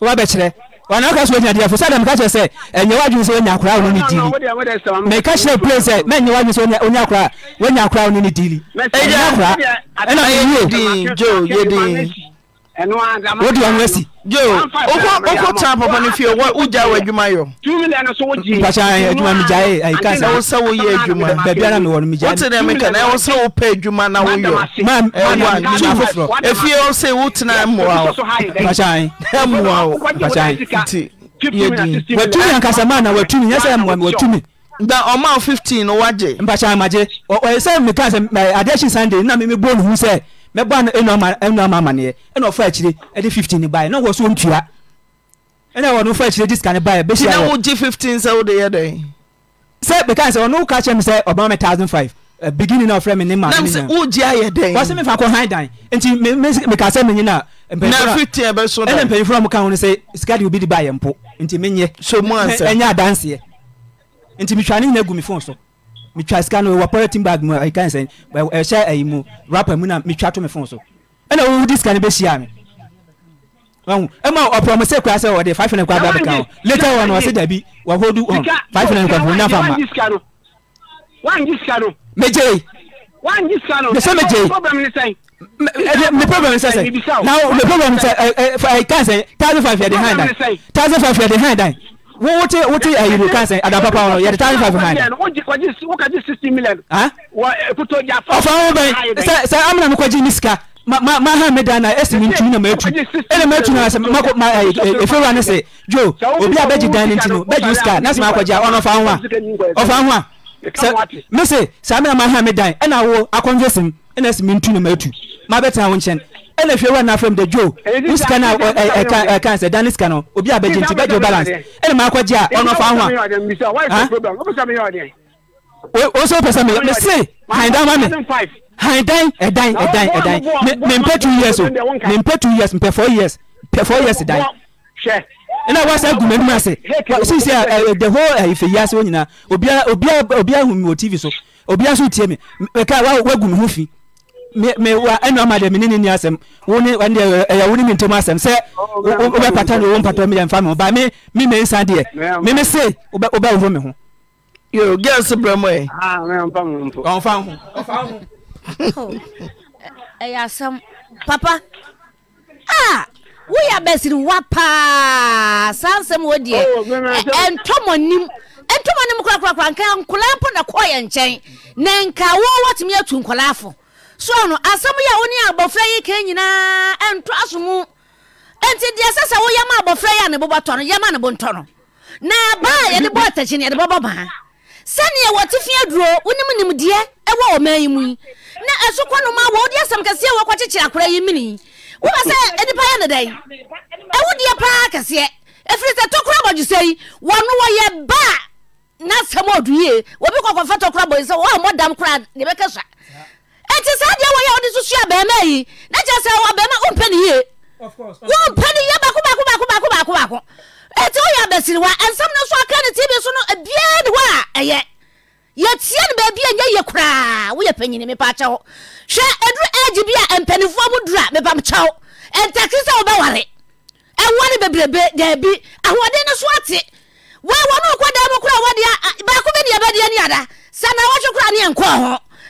wabɛkyerɛ wana ɔka so wanya deɛ fo sadam ka kyerɛ sɛ ɛnyɛ wadwene sɛ wanya akora wo ne dili meka kyerɛ play sɛ mɛnyɛ wadwene sɛ wonya akora wonya akora wo ne ne dili ɛnyɛ akora ɛna ɛyɛ din jo yɛ din wode ɔho asi wokɔ tra papa no fie wogya wo adwuma yɔpakyɛ adwuma megyae ayika sɛ wo sɛ woyɛ adwuma baabiara mewɔ no megyae wote dɛ nke na ɛwo sɛ wopɛ adwuma na woyɔ ɛfie wo sɛ wotena mmoa wo nti na watumi nyɛ sɛ mmoa me ɛsɛ sɛ sɛ mɛbɔ ano ɛnu ama ɛnu ama amaneɛ ɛna ɔfɔ akyire ɛde fifteen ni baayɛ na wɔ so ntua ɛna wɔn fɔ akyire disika ne baayɛ bɛsi ayɛ. tina wo gye fifteen sɛ o de yɛ dɛ. sɛ bɛka sɛ ɔno ka kyerɛ mi sɛ ɔbɛn mi thousand five beginning of ɔfrɛ ni ne maa mi nyinaa. nam sɛ o gye ayɛ dɛ. wɔsi mi fa kɔ han dan nti mi mi mi ka sɛ mi nyina. na fifteen bɛ so da. ɛna mpanyinfoɔ mu kan ho sɛ sika de obi de baayɛ mpo nti mi nyɛ. so mu ansa ɛnyɛ adanseɛ nti mi twa ne nyina gu mi phone so metwa sika no wɔ pɔlɛtin bag mu ɛka nsɛn ɛhyɛ ɛyi mu rapa mu na metwa to me fon so ɛna wɔwudi sika no bɛhyia me wọn ɛmu a ɔpɔlɔmɔ se kura sɛ ɔde five hundred kura bɛɛ bɛ kan o later wɔn wɔn se dabi wɔhodu ɔn five hundred kura fún nafa ma. meje mese meje me problem n sɛsɛ now me problem n sɛ ɛ ɛ kan sɛ thousand five yɛ de hand dan thousand five yɛ de hand dan wo wote wote ayiro kan sɛn adapa pa wɔn yɛde taari five nine. wokagye sixty million. wɔ ekuto eh, gya fa. ɔfɔ wo bɛn ah, sɛ sɛ amina mi kɔgye ni sika ma ma ma ha mi dan na esi mi ntumi na ma etu ɛna ma etu na sɛ ma ko ma ɛ eh, eh, efewa ne sɛ jo obi a bɛgye dan ne ti no bɛgye sika na sɛ ma akɔgye a ɔno ɔfa ho a ɔfa ho a sɛ mi sɛ sɛ amina ma ha mi dan ɛna awo akɔnfɛsim ɛna esi mi ntu na ma etu ma bɛ tena wo nkyɛn ɛna efie wɛ n'afɛm de jo n sika na ɛka ɛka nsɛ dani sika no obi a bɛ gye nti bɛ jo balance ɛna maa kɔ gye a ɔnɔ fa ahwa o so pɛsɛ mi mi se hain dan ma mi hain dan ɛdan eh, ɛdan eh, ɛdan eh, mi mpɛ two years o oh. mi mpɛ two years mpɛ four years mpɛ four years dan ɛna wasa gu m'anim ase sisi a the whole ife yi ase wo nyinaa obiara obiara obiara hu mi wɔ tv so obiara so tie mi ɛka wa wagu mi ho fi. neamadeɛ mene neni asɛm wone mentm asɛm sɛ wobɛpatawpfamam memsa deɛmemese wobɛworo me o yɛ eh. ah, oh, sɛm papa ah, wo yɛ bɛseri wapaa sasɛmw deɛ oh, ntn nnaa nka pkyɛ nkɛn n nkawo wtumi atu naaf soɔ no asɛm yi a wo ne abɔfra yi ka nyinaa ɛnto aso mu ɛnti deɛ sɛ sɛ woyɛ ma abɔfra yi a ne bobɔtɔ no yɛma ne bontɔ no na baa yɛde bɔ atakyi no yɛde bɔbɔ baa sɛneɛ wɔte fi aduro wonim nimdeɛ ɛwɔ ɔman yi mu yi na ɛso kɔ no ma wɔ wode asɛm kɛseɛ wɔkɔkyekyere akora yi mini woba sɛ nnipa yɛ ne dɛn ɛwodeɛ paa kɛseɛ ɛfiri sɛ tɔkora bɔdwesɛ yi wɔno wɔyɛ baa na asɛm ɔdu yie wɔbi kɔkɔfa tɔkora bɔdwesɛ wɔammɔ dam koraa deɛ bɛkɛ sa ti saa deɛ wayɛ ode sosuabamai a kɛsɛa pniɛ aɛsa o a d aa a ae kra ek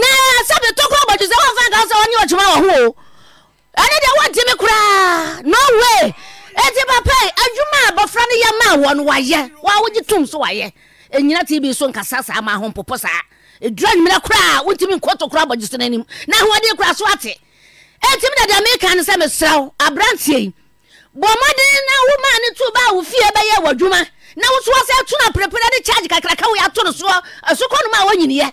na sɛbi tokuro bɔtwe sɛ wɔmfa nka sɛ wɔne ɔkyema wɔ ho o ɛne deɛ wɔntimi koraa no way ɛnti papa adwuma a bɔfra no yɛ maa wɔ no wayɛ wɔawogye tom so wayɛ ɛnyina tv so nkasa saa ma ho mpopɔ saa ɛdura nwumerɛ kura wontimi nkɔ tokuro abɔgye so no anim na ahoɔden kora so ate ɛntim dada meka ne sɛ mesrɛ wo aberanteɛ yi bɔ na wo maa ne to ba a fie bɛyɛ wɔ adwuma na wo so wɔ sɛ to no aperɛpɛrɛ de charge kakraka wo yɛato no soɔ asokɔ nom a wɔnyiniɛ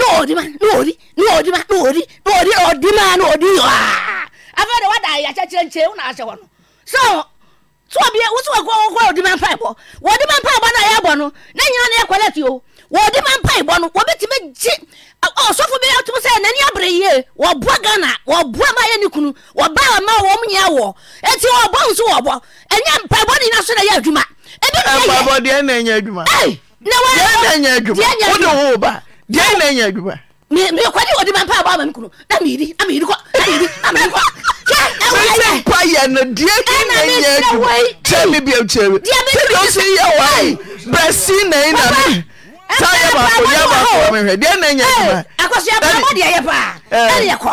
n'odima n'odi n'odima n'odi n'odi odima n'odi yaa afɛn de wa wuna ahyɛ wɔn so so bi wosu akɔ wɔkɔ odima mpaebɔ wɔdima na ya abɔ no ne nyina na yɛ kɔlɛ ti o wɔdima mpaebɔ no wɔbi ti mi gye ɔsɔfo bi atum sɛ n'ani abere yie ghana ma yɛ ne kunu wɔba wɔn nyɛ wɔ eti wɔbɔ wɔbɔ na yɛ adwuma ebi yɛ na deɛ na ɛnya e e adwuma mekɔde wɔde ma mpaa bɔ ama me kunu na meyiri na meyiri kɔ na meyiri na meyiri kɔ sɛ mpa yɛ no deɛ ki na ɛnya adwuma kyerɛ me biam kyerɛ me sɛdeɛ ɔso yɛ wae brɛsi na ɛyi na me saa yɛ baako yɛ baako mehwɛ deɛ na ɛnya adwuma akɔsoa baa bɔ deɛ yɛ paa ɛne yɛkɔ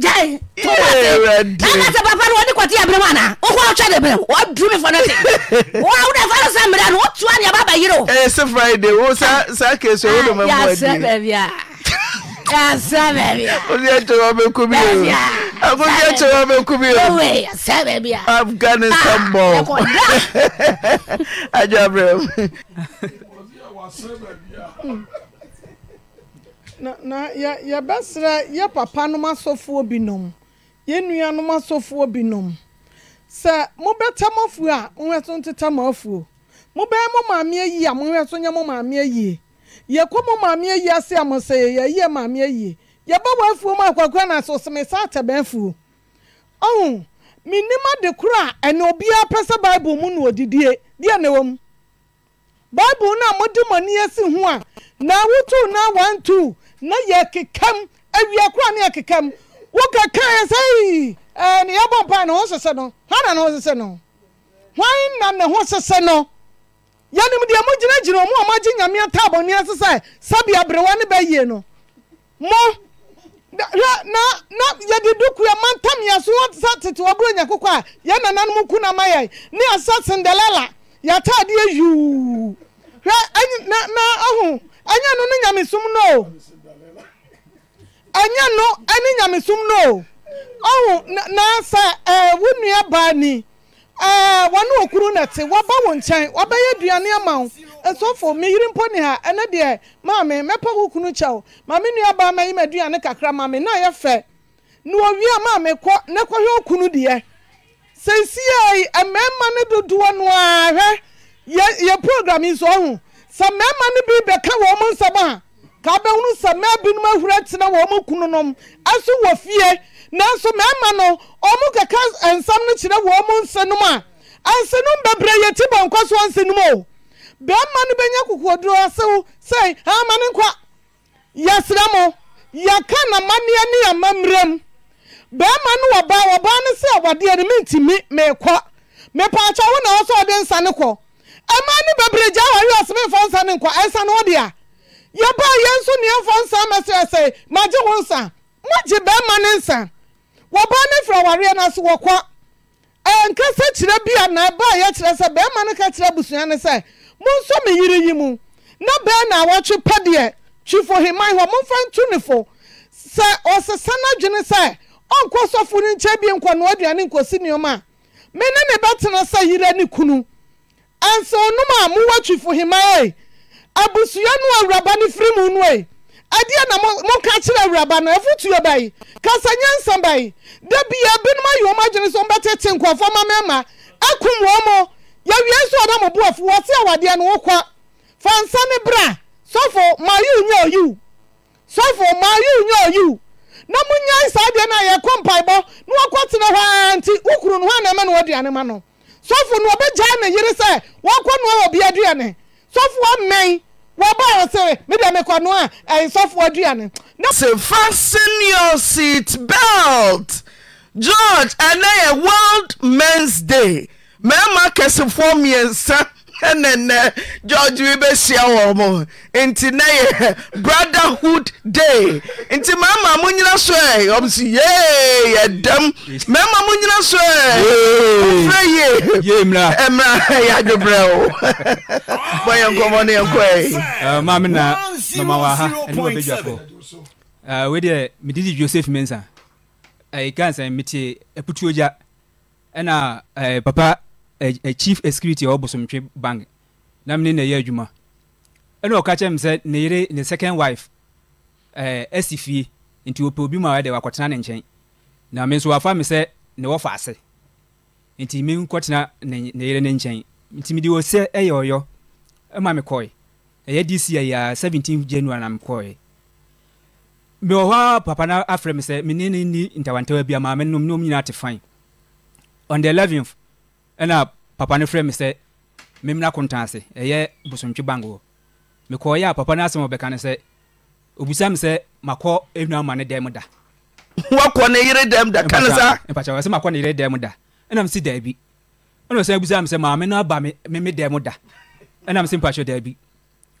jai tó wà sí ẹnna sẹ papa ni wọn ní kọtí abiri mu àná wọn kọ ọtí ẹdẹ bẹrẹ wọn dùn mí fọnà sí wọn àwọn ẹfọ ẹrọ sẹ mìíràn wọn tún àná yàrá bàyí rò. ẹ ṣe friday wo sá sá kèsì owó ló máa mú ẹdín. yàtọ̀ bẹ̀bí à yàtọ̀ bẹ̀bí à. o ní ẹjọ́ wọn bẹ kú mi o àgbo ní ẹjọ́ wọn bẹ kú mi o. owó yàtọ̀ bẹ̀bí afghanistan bọ̀ na na yɛ yɛbɛsrɛ yɛ papa nom asɔfoɔ binom yɛn nua nom asɔfoɔ binom sɛ mobɛtɛ mo afuo a mohwɛ so ntetɛ mo afuo mo maame ayi a mohwɛ so nyɛ mo maame ayi yɛkɔ mo maame ayi ase a mo sɛ yɛyɛ maame ayi yɛbɛ wɔ afuo mu akwakora na so semesa atɛ bɛn afuo ɔho menim ade koro a ɛna obi pɛ sɛ bible mu na odidie deɛ na ɛwɔ mu bible no a mode mo ani asi ho a na wotu na one two na yɛ kekam awia kora ne yɛ kekam wokeka yɛ sɛ ɛɛ ne yɛbɔ mpa ne ho sese no hwan na ne ho sese no hwan na ne ho sese no yɛnim deɛ mogyinagyina ɔmo a moagye nyame taabɔne ase sɛ sɛbea berewa ne bɛyie no mo na na yɛde duku a mantam yɛ so sɛ tete wɔboro nya kokɔ a yɛn nananom ku na ma yɛ ne asɛ sendelala yɛataadeɛ yuu hwɛ na na ɔho ɛnyɛ no no nyamesom no ɛnyɛ no ɛne nyamesom no o ɔhu na sɛ ɛɛ wo nua baa ni ɛɛ eh, wɔne okuru na te wɔba wo nkyɛn wɔbɛyɛ aduane ama wo nsɔfo meyiri mpo ne ha ɛne deɛ maame mɛpɛ wo kunu kyɛw maame nua baa ma yi ma aduane kakra maame na yɛ fɛ na owie a maame kɔ ne kɔhwɛ okunu deɛ sesie yi mmarima ne dodoɔ no ara hwɛ yɛ yɛ program yi so ɔhu sɛ mmarima ne bi bɛka wɔn nsɛm a. ka abɛhunu sɛ mmaa binom ahuru atena wɔn mu kununom aso wɔ fie nanso mmarima no wɔn keka nsɛm no kyerɛ wɔn mu a nsenom bebree yɛ ti bɔnkɔ so nsenom o bɛrima no bɛnya kokodoro asew sɛ ama ne nkwa yɛsrɛ mo yɛka n'amanneɛ ne amammerɛm bɛrima no wɔbaa wɔbaa no sɛ wadeɛ no mentimi meekɔ mepaakyɛ wo na wɔ ɔde nsa ne kɔ ɛmaa ne bebree gyaa wɔyɛ ɔsɛ nsa ne nkɔ ɛnsa ne wo a yɛbaa yɛn nso neɛmfa nsa mɛsrɛ nsa mogye bɛrima ne nsa wɔbaa ne fra awareɛ no ase wɔkɔ ɛnka sɛ na bi a na ɛbaa yɛkyerɛ mụ yi na bɛɛ na wɔtwe pɛdeɛ twifo heman hɔ momfa ntu ne fo sɛ ɔsesa no adwene ọ ɔnkɔ sɔfo no nkyɛ bi nkɔnoa aduane a tena kunu a abusua no awuraba no firi mu no e adeɛ na monka kyerɛ awuraba no afotuo bɛyi kasa nyansa bɛyi da bia binom ayɛ wɔm adwene sɛ ɔmbɛtete nkurɔfoɔ ma mɛma akum wɔn mo yɛwie nso ɔda mo boafo wɔte awadeɛ no wokɔ fa bra sɔfo maayiw nyɛ oyiw sɔfo maayiw nyɛ oyiw na munya saa adeɛ no a yɛkɔ mpaebɔ na wɔkɔ tena hɔ ara nti wokuru no hɔ anama na wɔaduane ma no sɔfo no ɔbɛgyaa ne yere sɛ wɔkɔ noa wɔ bia aduane sɔfo amɛn wɔbaa ɔsere me deɛ mekɔ no a ɛnsɔfoɔ aduane. sɛ fasten your seat belt george ɛnɛ yɛ world men's day mmarima kɛsefoɔ mmiɛnsa ɛnɛnɛ george bi bɛsia wɔ mo nti nɛ yɛ brotherhood day nti mɛma mo nyina so ɛ ɔm so yee yɛdɛm mɛma mo nyina so ɛ ɔfrɛ ye ɛmmra eh, yɛadwobrɛ o bɔ yɛ nkɔmmɔ ne yɛnkɔɛ eh, maame na mama wɔ ha ɛne mabɛdwafoɔ eh, wei deɛ medidi joseph mensa ɛka e nsɛ mete aputuo e gya ɛna papa chief security a ɔwɔ bosomtwe bank na mene na ɛyɛ adwuma ɛna ɔka kyerɛ me sɛ ne yere ne second wife ɛɛ eh, asi fie nti wɔpɛ obi ma ɔyɛ dɛ wakɔtena ne nkyɛn na me nso wafa me sɛ ne wɔfa ase nti me nkɔtena ne ne yere ne nkyɛn nti me de eh, wɔ sɛ eh, ɛyɛ ɔyɔ ɛma me kɔɛ ɛyɛ dc ɛyɛ seventeen january na me kɔɛ hɔ papa no afrɛ me sɛ mene ne ni ntawantawa bi a maame nom nom nyinaa te fine on the eleventh ɛna papa no frɛ me sɛ memna konta ase ɛyɛ bosontwe bank hɔ mekɔɔyɛ a papa no asɛm ɔbɛka no sɛ obisa me sɛ makɔ ɛnua ma ne dɛn mu da wakɔ ne yere dɛm da kane sa mpakyɛ sɛ makɔ ne yere dɛm da ɛna msi daabi ɛna ɔsan bisa me sɛ maame no aba me me dɛm da ɛna msi mpakyɛ daabi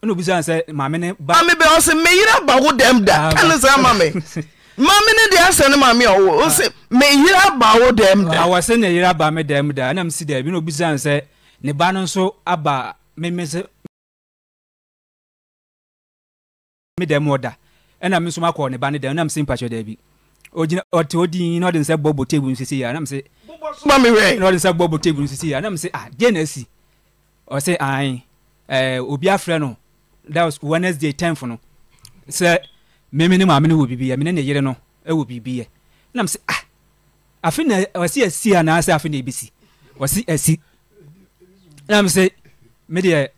ɛna obisa me sɛ maame ne ba maame bɛ ɔsɛ me yere aba wo dɛm da kane sa ma me maame ne deɛ asɛ ne maame a ɔwɔ o sɛ mɛ yira ba wo dɛm da. awɔ sɛ ne yira ba mi dɛm da ɛnna mi si dɛm ɛnna obi san sɛ ne ba no nso aba mímí sɛ mi dɛm wɔ da ɛnna mi nso ma kɔ ne ba ne dɛm ɛnna mi si mpatsɔ dɛbi ogyina ɔte odi na ɔde nsa bɔ bɔ teebu nsisi ya ɛnna mi si. bɔ mi wɛ. na ɔde nsa bɔ bɔ teebu nsisi ya ɛnna mi si ah diɛ na esi ɔsɛ anyi ɛɛ eh, obi afrɛ no that was wednesday tenth no sɛ. So, mɛmi ne maame no wɔ biribiɛ mene ne yere no wɔ biribiɛ nam sɛ ah afe na ɔse asi anaasɛ afe na ɛbɛsi ɔse asi nam sɛ medeɛ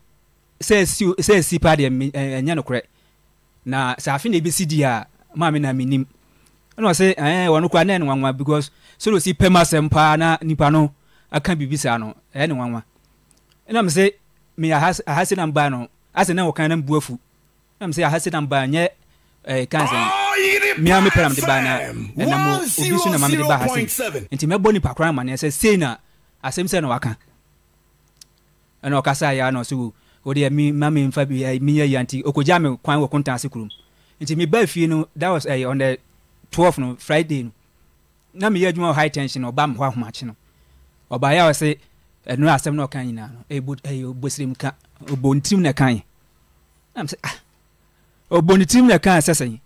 sɛ asi paa deɛ ɛnyɛ nokorɛ na sɛ afe na ɛbɛsi di a maame na menim ɛna ɔse wɔno koraa na ɛne nwanwa because sɛde ɔsi pɛm asɛm paa na nipa no aka biribi saa no ɛyɛ ne nwanwa ɛnam sɛ meyɛ ahase na mbaa no asɛ na wɔkan na mbu afu ɛnam sɛ ahase na mbaa nyɛ eh, kansen mmea mepɛ na mede baa eh, na ɛna mo obi so na ma mede baa ha sɛ nti mɛbɔ nipa kora amaneɛ sɛ sei na asɛm sɛ na waka ɛna ɔkasa yɛ na ɔsɛ wo wodeɛ ma memfa bi meyɛ yia nti ɔkɔgya me kwan wɔ konta ase kurom nti mebaa fie no that was eh, on the 12 no friday no na meyɛ adwuma wɔ high tension ɔba me hɔ ahomakye no ɔbaeɛ a ɔsɛ ɛno asɛm na ɔka nyinaa no ɛbɔsirim ka ɔbɔ ntirim na ɛkae na m sɛ ah oboni tirim na kan sɛsɛn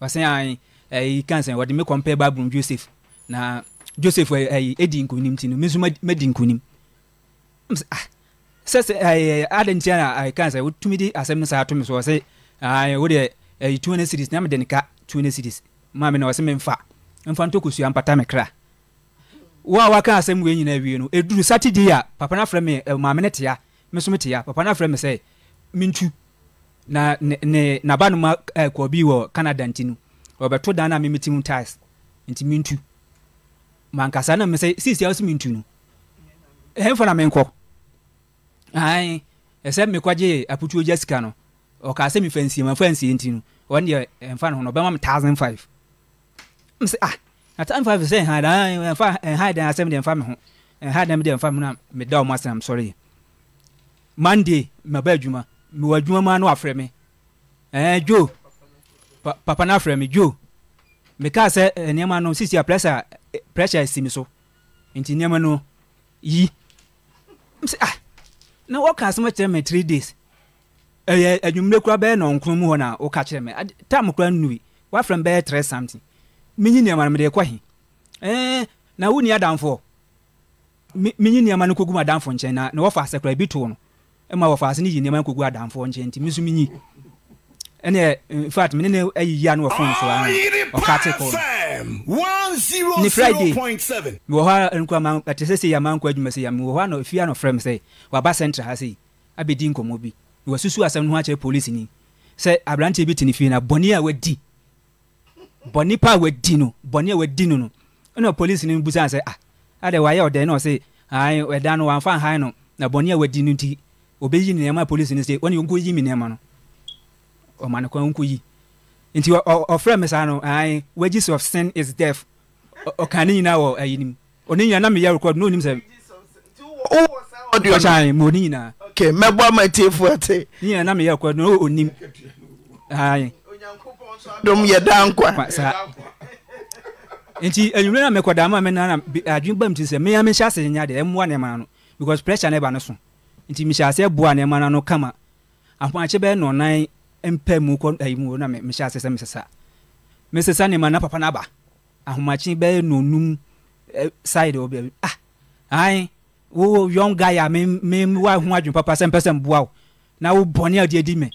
wasan an eh, ɛyi kan sɛn wɔde mi bible baabulum joseph na joseph di eh, eh, edi nkunim ti no mi nso mɛdi nkunim msɛ ah sɛsɛ ɛɛ adi ntia na ɛyi kan sɛ wotumi di asɛm no saa to mi so wɔsɛ ɛɛ ah, o deɛ ɛyi two hundred series na mi de ne ka two hundred series maame na wɔsɛ mi nfa nfa ntokosua mpata me kra wo a waka asɛm wei nyina wie no ɛduru satide a papa no afrɛ me maame no tea me so me tea papa no afrɛ me sɛ mentu na ne ne n'abanuma ɛɛ eh, kɔ bi wɔ canada nti no ɔbɛto dan na mimi ti mu tiles nti mi mankasa na mese sɛ sisi awo si mi ntu no ɛhɛn fɔ na mi nkɔ ayi ɛsɛ mi kɔgye aputuo gya sika no ɔka sɛ mi fɛ nsia ma fɛ nsia nti no wɔn deɛ ɛnfa no ho no ɔbɛma mi thousand five mi ah na thousand five sɛ ɛhan dan ɛnfa ɛhan dan asɛm deɛ ɛnfa mi ho ɛhan dan mi deɛ ɛnfa mi na mi ɔmo asɛm sɔrɔ monday mi ba adwuma. mewɔ adwuma mu a na wafrɛ me eh, jo papa na afrɛ me jo mekaa sɛ eh, nneɛma no sisi a pressure eh, pressure asi me so nti nneɛma no yi msɛ ah na wɔka asɛm kyerɛ me three days ɛyɛ adwumire kura bɛyɛ nɔnkron mu hɔ na woka kyerɛ me tam kura nnui wafrɛ me bɛyɛ trɛ something menyi nneɛma no de kɔ hi ɛɛ eh, na wonni adamfoɔ menyi nneɛma no kɔgu mu adamfo nkyɛn na na wɔfa asɛkora bi too no ma wɔfaase no yi nneɛma nkɔgu adamfoɔ nkyɛn nti mesom nyi ɛne infact mene ne ayiyia no wɔfon so a ɔkate kɔ ne friday mewɔ hɔ nkɔma ɛte sɛ sɛ yɛma nkɔ adwuma sɛ yɛ mewɔ hɔ ana fie ano frɛ m sɛ waba central ha sei abɛdi nkɔmmɔ bi mewɔ susu asɛm no ho akyerɛ police ni sɛ aberanteɛ bi te ne fie no bɔne a wadi bɔne pa a wadi no bɔne a wadi no no ɛna police ni busan sɛ ah adɛ wayɛ ɔdɛn na ɔse ɛda no wamfa hann no na bɔne a wadi no nti obeyi nneɛma a polisi ni se wɔn yɛn nkoyi mi nneɛma no ɔmane kwan nkoyi nti ɔfrɛ mi saa no ayi wages of sin is death ɔkan ne nyinaa wɔ ayi nim ɔne nyinaa na mi yɛ record na onim sɛ ɔkyan ma ɔne nyinaa. okay mɛbɔ ama tie fo ɛte. ne nyinaa na mi yɛ record na onim ayi. dom yɛ daa nkwa. saa nti enyimire na mɛkɔdaa mu a mɛ nana adwene bam ti sɛ mɛ yɛn mi hyɛ ase nya de ɛmoa nneɛma no because pressure na ɛba ne so nti mehyɛ aseɛ boa nneɛma no ano kama apoakye bɛyɛ nɔnan mpɛ mu kɔ ayi mu na mehyɛ aseɛ sɛ mesesa mesesa nneɛma na papa no aba ahomakye bɛyɛ nonum side wɔ baabi ah ae wo young guy a mewa ho adwene papa sɛ mpɛ sɛ mboa wo na wo bɔne a deadi me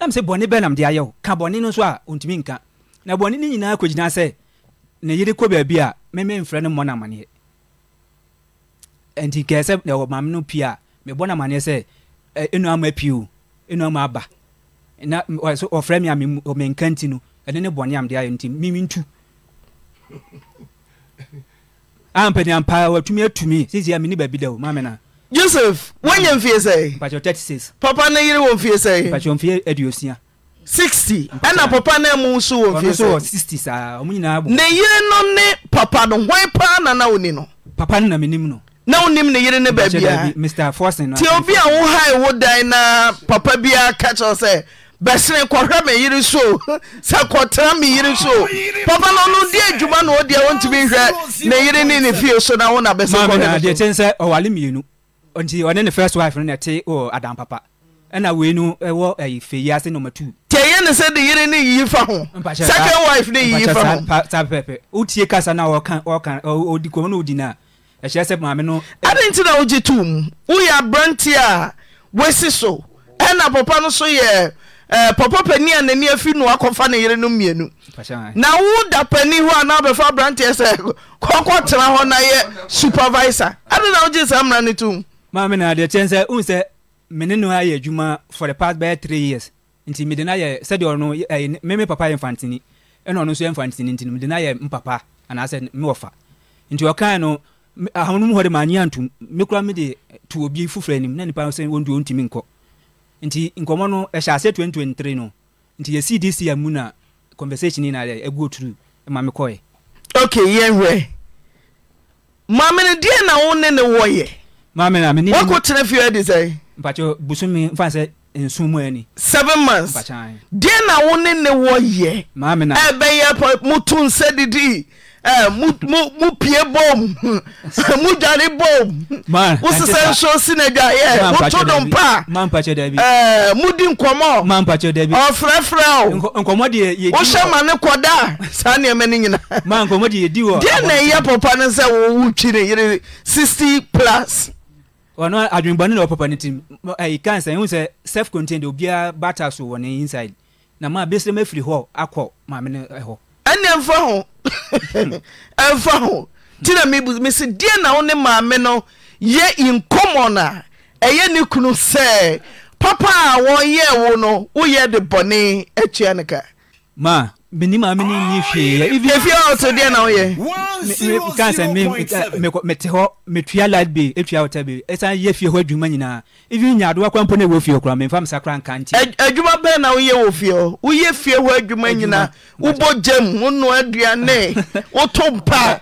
nam sɛ bɔne bɛnam de ayɛ wo ka bɔne no so a ɔntumi nka na bɔne no nyinaa kɔgyina sɛ ne yere kɔ baabi a mememfrɛ no mmɔ no amanneɛ nti kɛɛ sɛ ɛwɔ maame no pii a mebɔ no amaneɛ sɛ ɛnu ama pii o ɛnu ama aba na so ɔfrɛ me a menka nti no ɛne ne bɔne amde ayɛ nti mementu ampani ah, ampa watumi atumi sesia mene baabi da o mamena joseph wanya mfie sɛ thirty six papa no yere wɔ mfie sɛ mpakyɛ mfie aduosia 60 ɛna papa no mu nso wɔ mfie sɛ 60 saa ɔmo nyinaa bɔ ne yere no ne papa no hwan paa nana woni no papa no na menim no na wonim ne yere ne baabiati obi a wo hae wo dan na papa biaa ka kyerɛ sɛ bɛsene kɔhwɛ me yere so sɛ kɔtera me yere so papa no no de adwuma na ɔdeɛ wontumi nhwɛ ne yere ne ne fie so na wo na bɛsɛ kɔdeɛkyɛn sɛ ɔwale mmienu nti ɔne ne first wife no na ɛte wɔ oh, adampapa ɛna wei no ɛwɔ ɛyi fɛ yi ase nɔma tu. tẹ̀yẹ́ ni sẹ́ de yiri ni yiyi fa ho second wife ni yiyi fa ho. mpakyɛ saa pɛpɛpɛ o tie kasa na ɔkan ɔkan ɔdi kɔn na odi na ɛkyerɛ sɛ maame no. ɛne nti na wogye to mu woyɛ aberante a wasi so ɛna papa no so yɛ ɛɛ papa panin a n'ani afi no akɔfa ne yere no mmienu na woda panin hɔ a na abɛfa aberanteɛ sɛ kɔkɔ tena hɔ na yɛ supervisor ɛne na wogye saa mmara no to maame na adeɛ kyɛn sɛ n sɛ mene no ayɛ adwuma for the past bɛyɛ three years nti mede no ayɛ sɛdeɛ ɔno ɛɛ meme papa yɛ mfantini ɛna ɔno nso yɛ mfantini nti mede no ayɛ mpapa anaasɛ me nti ɔkan no ahono mu hɔ de maanye antom me kora mede to obi foforɔ anim na nipa sɛ wɔndu ɔntumi nkɔ nti nkɔmmɔ no ɛhyɛ aseɛ 2023 no nti yɛ cdc a mu na conversation yi na agu oturu ma me kɔɛ ok yɛhwɛ maamene deɛ na wo ne ne wɔyɛ wakɔ tena fie adi sɛ mpakyɛ bosome mfa sɛ nson mu ani seven months deɛ na wo ne ne wɔyɛ ɛbɛyɛ moto nsɛ didii mu mu mu pie bom mu dware bom wo sesɛ nso si na dwa yɛ woto do mpa mudi nkɔmmɔ ɔfrɛfrɛ o wohyɛ ma ne kɔda saa nneɛma no nyinaa deɛ na ɛyɛ papa no sɛ wowo twire yere 60 plus ɔno adwenbɔne na ɔpapa no tim ɛka sɛ ɛhu sɛ self contained obiara bata so wɔ ne inside na ma bɛsrɛ mafiri hɔ akɔ maame no hɔ ɛnna mfa ho ɛmfa ho nti na mesi deɛ na wo ne maame no yɛ nkɔmmɔn a ɛyɛ ne kunu sɛ papa a wɔyɛɛ wo no woyɛ de bɔne atua no ka ma mini maame ni nyi hwee. efi ọtọ deɛ na ɔyɛ. kansa mi mete eh, hɔ metua light bill etua water bill ɛsan e yɛ fie hɔ adwuma nyinaa efi nyaadowa kwan po na ɛwɔ e fie kora mefa misa kora nka nti. adwuma bɛn na woyɛ wɔ fie hɔ woyɛ fie hɔ adwuma nyinaa wobɔ gyam wonoa aduane woto mpa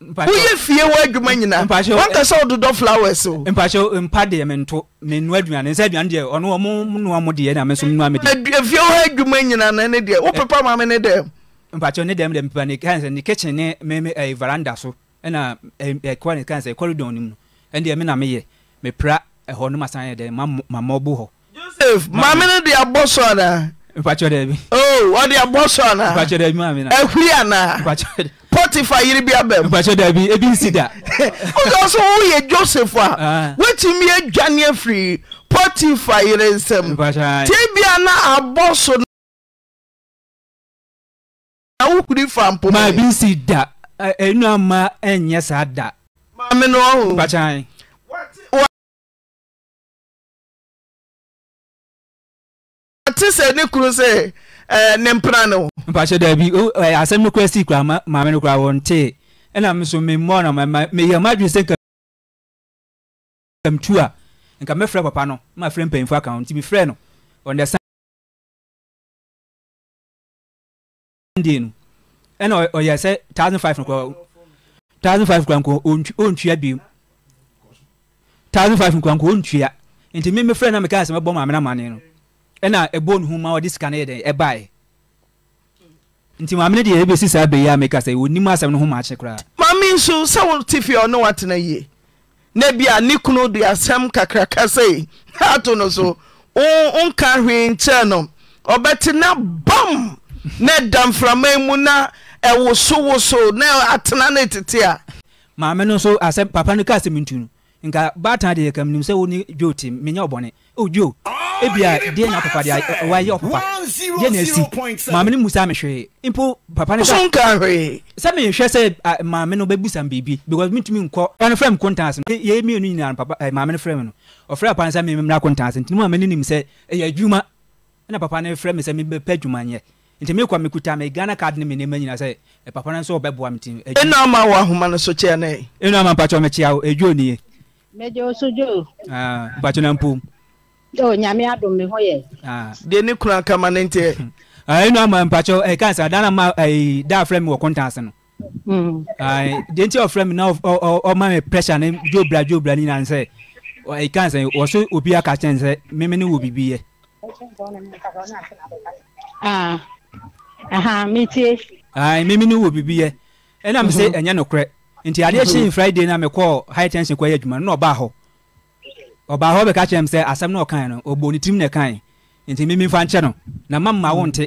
woyɛ fie wɔ adwuma nyinaa wonta sɛ wododɔ flowers o mpakyɛ mpa deɛ mento menoa aduane sɛ aduane deɛ ɔno ɔmo noa mo deɛ na me so noa me deɛ fie wɔ adwuma nyinaa na ne deɛ wopepa eh. ma me ne dɛm mpakyɛ ne dɛm dɛ mpepa ne kan sɛ ne kitchen ne me me ɛyɛ eh, veranda so ɛna ɛkɔ eh, ne kan sɛ corridor ne mu no ɛndeɛ me na meyɛ mepra ɛhɔ no masan yɛ dɛ ma ma ma ɔbo hɔ joseph maame ne deɛ abɔ so anaa mpatsɔ dɛ bi. oo oh, ɔdi abɔ sɔ ana. mpatsɔ dɛ bi maa mi na. ehuri ana. mpatsɔ dɛ. pɔtifa yiri bi abɛm. mpatsɔ dɛ bi ebi nsi da. o ka sɔ o yɛ joseph a ah. wetin mi yɛ dwani efiri pɔtifa yiri nsɛm. mpatsɔ ayi. tie bi ana abɔ sɔ. awo kuri fa mpoma. maa ebi nsi da enu ama ɛnyɛ saa da. maame na ɔhun. mpatsɔ ayi. ɔte sɛ ne kunu sɛ ɛɛ ne mpena ne ho. mpatsɛ dɛbi o ɛ asɛm no kura si kura maame no kura wɔn te ɛna nso mi mɔ na mɛ yɛ maa dwi sɛ nka mtu a nka mɛfrɛ papa no ma frɛ mpanyinfo aka ho nti mi frɛ no on the sunday no ɛna ɔyɛ sɛ thousand five nkɔ thousand five nkɔ ontua bi thousand five nkɔ ontua nti mi mi frɛ na mi ka asɛm ɛbɔ maame na maane no. ɛna ɛbɔ ne ho ma ɔde sika no yɛ dɛn ɛbae nti maame no deɛ ɛbɛsi saa bɛyi a meka sɛ wɔnim asɛm no ho maakye koraa maame nso sɛ wote fie ɔne watena yie na bia ne kunu de asɛm kakraka sɛi ato no so nka hwee nkyɛɛ no ɔbɛtena bam na ɛda mframa mu na ɛwosowoso na atena no tete a maame no nso asɛm papa no ka asɛm ntu no nka baatan deɛ kam nim sɛ wo ne dwotem menyɛ ɔbɔne ojo ah, ebia deɛ na papa deɛ wayɛ ɔpapa deɛ na asi maame no musa mehwee mpo papa no sɛ mehwɛ sɛ maame no bɛbusa m biribi because mentumi nkɔ ano frɛ m kontase no yɛyɛ mmienu nyinaa papa maame no frɛ me no ɔfrɛ papa no sɛ memmmra kontase nti ne maame ni nim sɛ ɛyɛ adwuma ɛna papa no frɛ me sɛ mebɛpɛ adwuma nyɛ nti mekɔ mekuta me ghana card ne me nneɛma nyina sɛ papa no nso ɔbɛboa me nti ɛnu ama wɔ ahoma no so kyɛɛ ne ɛnu ama mpakyɛ ɔmekyea wo ɛdwo nie mɛgye wo so dwo mpakyɛ no mpom Oh, nyame adom me ho yɛ ah, deɛ ne kunu akama ne nteɛ ɛnu eh, ama mpakyɛ ɛka eh, sɛ adana ma ɛyi eh, da afrɛ mi wɔ kɔntan ase no hmm. ah, deɛ nti ɔfrɛ mi na ɔma mi pressure ne jobra jobra ne nan sɛ ɛka sɛ wɔso obi aka kyɛn ah, sɛ mímí ni wo bibi yɛ. metie. mímí ne wo bibi yɛ ɛnna mi sɛ ɛnyɛ nokorɛ nti adeɛ mhm. kyen friday na mi kɔɔ high tension kɔ yɛ adwuma na ɔbaa hɔ. ɔbaa hɔ bɛka kyerɛ m sɛ asɛm no ɔkae no ɔbɔ ne tirim na ɛkae nti mememfa nkyɛ no na mamma wo nte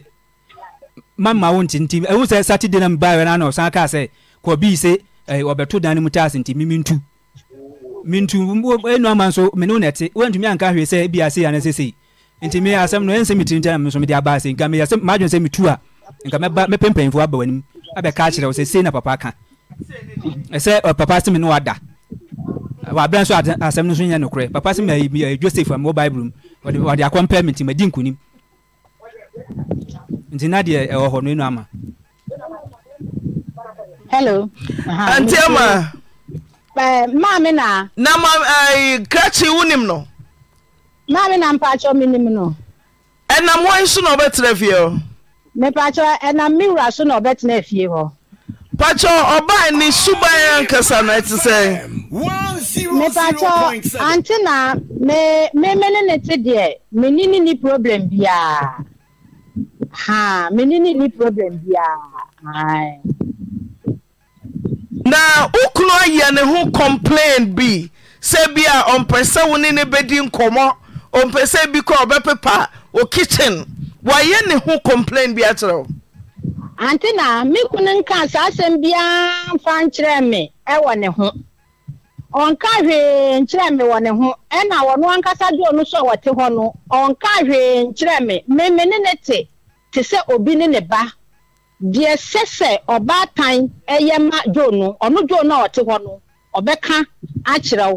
mamma wo nte nti ɛhu sɛ saturday na mebaɛ no na ɔsan kaa sɛ kɔbii sɛ ɔbɛto dan no mu taase nti mementu mentu ɛnu ama nso mene wo nɛte woantumi anka hwee sɛ bia sei ana sɛsei nti me asɛm no ɛnsɛ metiri nkyɛ na mede aba se nka meyɛ madwene sɛ metu a nka mɛpɛ mpanyimfoɔ aba w'anim abɛka akyerɛ wo sɛ sei na papa ka ɛsɛ papa se me ne wada wabere nso asɛm no nso nyɛ nokorɛ papa sɛ mayɛ joseph amɔ bible mu ɔde akɔmpɛ me nti madi nkonim nti na deɛ ɛwɔ hɔ no ɛnu ama hello anti ama maame na na ma krakye wonim no maame na mpakyɛ menim no ɛnam hɔn so na ɔbɛtena fie hɔ mepakyɛ ɛnam me wura so na ɔbɛtena fie hɔ patsɔ ɔbaa ni suban ankasa na ɛte sɛ. mepatsɔ ante na me me me ne ne te deɛ me ni ne ni problem biara ha me ni ne ni problem biara. na ukunu ayɛ ne ho complain bi sɛ bi a ɔmpɛ sɛ wo ne ne bɛdi nkɔmɔ ɔmpɛ sɛ bi kɔ ɔbɛpepa o kitchen wayɛ ne ho complain bi akyerɛ o. anti na me kunu nka saa asɛm biara mfa nkyerɛ me ɛwɔ ne ho ɔnka hwee nkyerɛ me wɔ ne ho ɛna wɔn ankasa de ɔno so a wɔte hɔ no ɔnka hwee nkyerɛ me meme ne ne te te sɛ obi ne ne ba deɛ sɛ sɛ ɔbaatan ɛyɛ ma dwoo no ɔno dwoo no a ɔte hɔ no ɔbɛka akyerɛw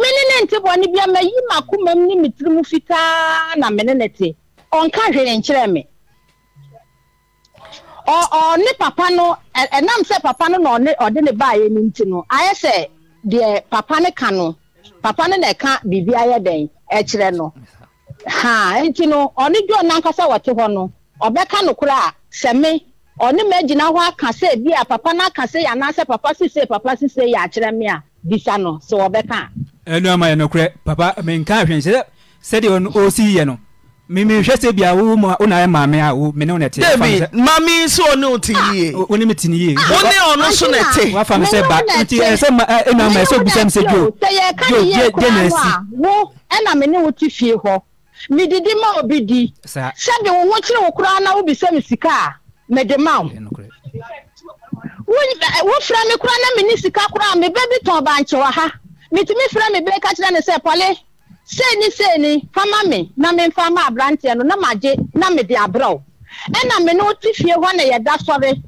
me ne ne nte bɔ ne bia ma yi ma kuma ne me tirim fitaa na me ne ne te ɔnka hwee nkyerɛ me. ɔne papa no nam sɛ papa no na ɔde ne baeɛ no nti no ayɛ deɛ papa no ka no papa no na ɛka biribi ayɛ dɛn ɛkyerɛ no ha nti no ɔne john nankasa wɔte hɔ no ɔbɛka no koraa sɛ ɔne ma gyina hɔ aka sɛ bi a papa na aka sɛ yɛ anaasɛ papa sise papa sise yɛ akyerɛ me a bisa no sɛ ɔbɛka. ɛnu ama yɛ nokorɛ papa menka ahwɛ nhyɛ sɛdeɛ ɔsi yɛ no mímíhwɛ sɛ bia wo mu wo na yɛ maame a wo mene wo na te dabi maame nso ɔne wo te ah, yie wo ne me te ne yie wo ne ɔno so na te wafa me sɛ ba nti ɛsɛ eh, ma eh, ɛna ma ɛsɛ obisa me sɛ dwo dwo gye gye na asi wo ɛna me ne wo te fie hɔ medidi ma obi di sɛde wo ho kyerɛ wo koraa na wobisa me sika a mede ma wo wofrɛ eh, me koraa na mene sika koraa mebɛ bi tɔn bankyɛ wɔ ha metumi frɛ me bɛ ka kyerɛ ne sɛ pɔle seni seni fama me na memfa fama aberanteɛ no na magye na mede aberɛ wo ɛna me ne wo fie hɔ na yɛda sɔre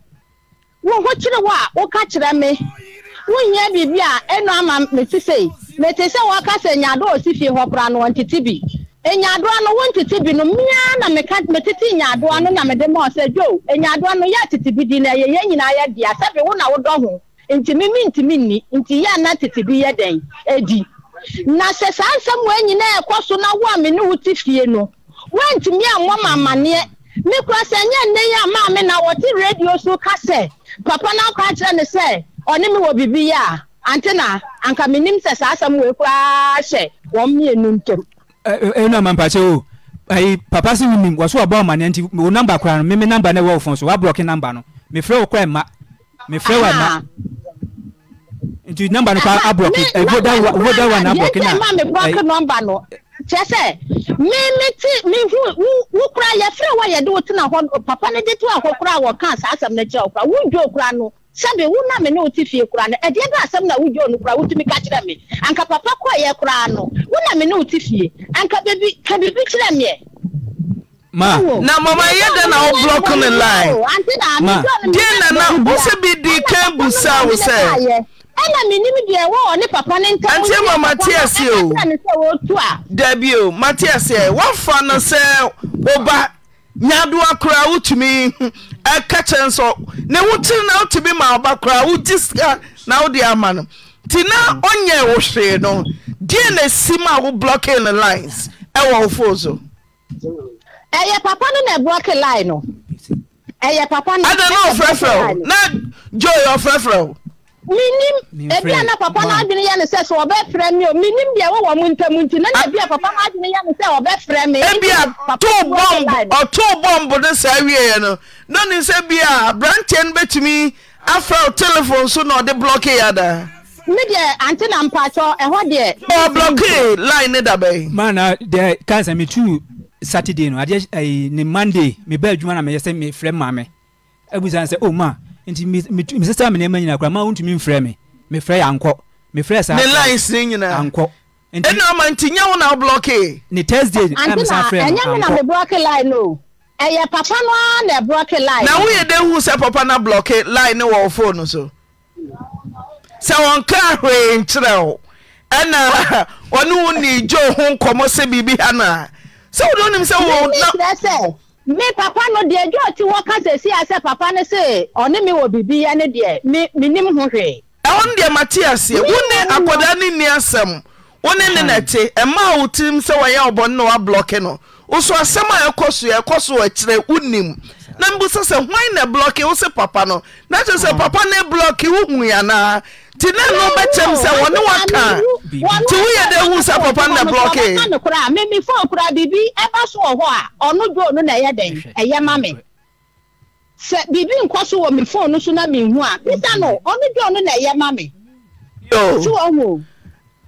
wo ho kyerɛ a woka kyerɛ biribi a ama sɛ wɔka sɛ fie hɔ no bi no bi no na no na ma ɔsɛ dwo enyadoa no yɛ tete bi di na yɛ yɛ nyinaa yɛ wo na ho ntumi mi ntumi nni nti yɛ na tete bi yɛ dɛn edi. na sɛ saa nsɛm wɔ nyina ɛkɔ so na wo a me ne wo te fie no woantumi ammɔ ma amanneɛ me kora sɛ ɛnyɛ nnɛ yi a maame na wɔte radio so ka sɛ papa no akɔ akyerɛ ne sɛ ɔne me wɔ biribi yi a ante na anka menim sɛ saa koraa hyɛ mmienu ntam ɛnu o ayi papa si wunim nti wo namba no meme namba ne wɔ so namba no mefrɛ ɛma mefrɛ nti namba no ka abrɔke voda voda wa na abrɔke na ɛma me brɔke nɔmba no kyerɛ sɛ me me ti me hu wo kura yɛfrɛ wa yɛde wo tena hɔ papa no de to a hɔ kura a wɔka saa asɛm no kyerɛ wo kura wodwo kura no sɛbi wo na me ne wo ti fie kura no ɛdeɛ bɛ asɛm na wodwo no kura wotumi ka kyerɛ me anka papa kɔ yɛ kura no wo na me ne wo ti fie anka bebi ka bebi kyerɛ meɛ ma na mama yɛ dɛ na wo block ne line deɛ na wo sɛ bi di kan busa wo sɛ dabimatias wofa no sɛ woba nyadoa koraa wotumi ɛka kyɛ nso ne wokyere na wotumi ma woba koraa wodi sika na wode ama no nti na ɔnyɛɛ wo hweee no deɛ n' si m a wo blockinno lines ɛwɔ wo foɔ soada noɔfrɛfrɛ wo na woe ɔfrɛfrɛ wo minim ebi eh, a na papa n'adwene yɛ ne sɛ sɛ ɔbɛfrɛ mi eh, o minim deɛ ɛwɔ wɔn ntam nti na ebi a papa na n'adwene yɛ ne sɛ ɔbɛfrɛ mi. ebi a tóo bɔmbu ɔtóo bɔmbu de saa awie yɛ no na ne nsa bi a aberanteɛ no bɛtumi afra o telephone so na ɔde blɔki yɛ ada. mi deɛ ante na mpatsɔ ɛhɔ deɛ. ɔ blɔki line ne dabɛ. maana deɛ kansa mi tu saturday no adeɛ ɛyi eh, ne monday mi bɛ adwuma na mi yɛ sɛ mi frɛ maame ebusan sɛ o oh, maa nti mi sista mi nneɛma nyinaa kura maa ntumi nfrɛ mi mefrɛ yɛ ankɔ mefrɛ saa ne lines ne nyinaa ankɔ ɛna ɔma nti nyɛ wo na blɔke ne thursday na mi sa frɛ no ankɔ ɛnyɛ mi na mi blɔke line o ɛyɛ papa no a na ɛblɔke line na woyɛ de hu sɛ papa na blɔke line ne wɔ phone so sɛ wɔnka ahwee nkyerɛ wo ɛna ɔne wo ne gye ho nkɔmmɔ sɛ biribi ha no a sɛ wode wonim sɛ wo na me papa no deɛ george wɔka sɛsi a sɛ papa no se ɔne me wɔ biribi ya ne deɛ me menim ho hwee. ɛwɔ no deɛ mate aseɛ wo ne akwadaa ne nni asɛm wo ne ne nɛte ɛma a wotirim sɛ wɔyɛ ɔbɔne na wablɔke no wo asɛm a ɛkɔ so yɛ ɛkɔ so wɔ akyerɛ wonim na mbusa sɛ hwan na blɔki wo se papa no na kyerɛ sɛ mm. papa ne blɔki wo hu yanaa nti na no bɛkyɛm sɛ wɔne waka nti woyɛ dɛ hu sɛ papa na blɔki. mimifo kura Bibi, ɛba so wɔ hɔ a ɔno do no na ɛyɛ dɛn ɛyɛ ma me sɛ Bibi, nkɔ so wɔ mi fon no so na mi hu a bisa no ɔno do no na ɛyɛ ma me. yoo so wɔn wo.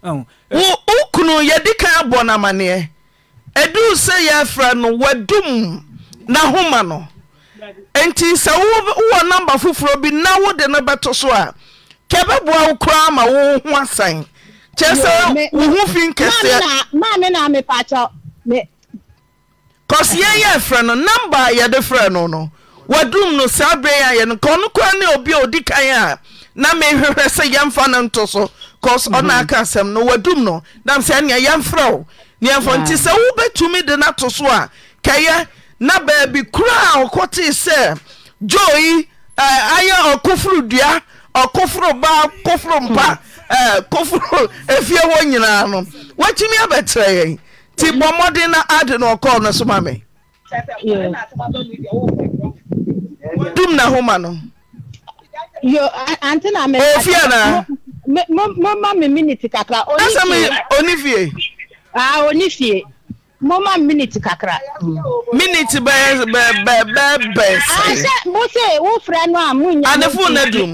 wo wo kunu yɛdi kan abɔ n'amaneɛ edu sɛ yɛafra no wadum n'ahoma no. nti sɛ wowɔ namba foforɔ bi na wode no bɛto so a kɛ bɛboa wo koraa ma wo ho asan kyerɛ sɛ wo ho fi nkɛseɛ kɔse yɛ yɛ frɛ no namba a yɛde frɛ no no wadum no saa berɛ yɛ ayɛ no ka ɔno koraa ne obi a ɔdi kan a na mehwehwɛ sɛ yɛmfa no nto so cause ɔna mhm. aka asɛm no wadum no dam sɛ nea yɛmfrɛ wo neɛmfɔ nti sɛ wobɛtumi de no ato so a kɛyɛ na baabi koraa ɔkɔtee sɛ joyi ayɛ ɔkoforo dua ɔkoforo baa koforo mpa koforo afie hɔ nyinaa no woakyimi abɛterɛ yɛn yi ti mmɔden na ade no ɔkɔɔ no so ma me dum na homa no ofie anaa momma me minute kakra ɔne onifie. Ah, moma minute kakra. minute bɛɛ bɛɛ bɛɛ bɛɛ sɛ. ahyɛ mo se wo fura no a mo nya. a ah, ne fone na dum.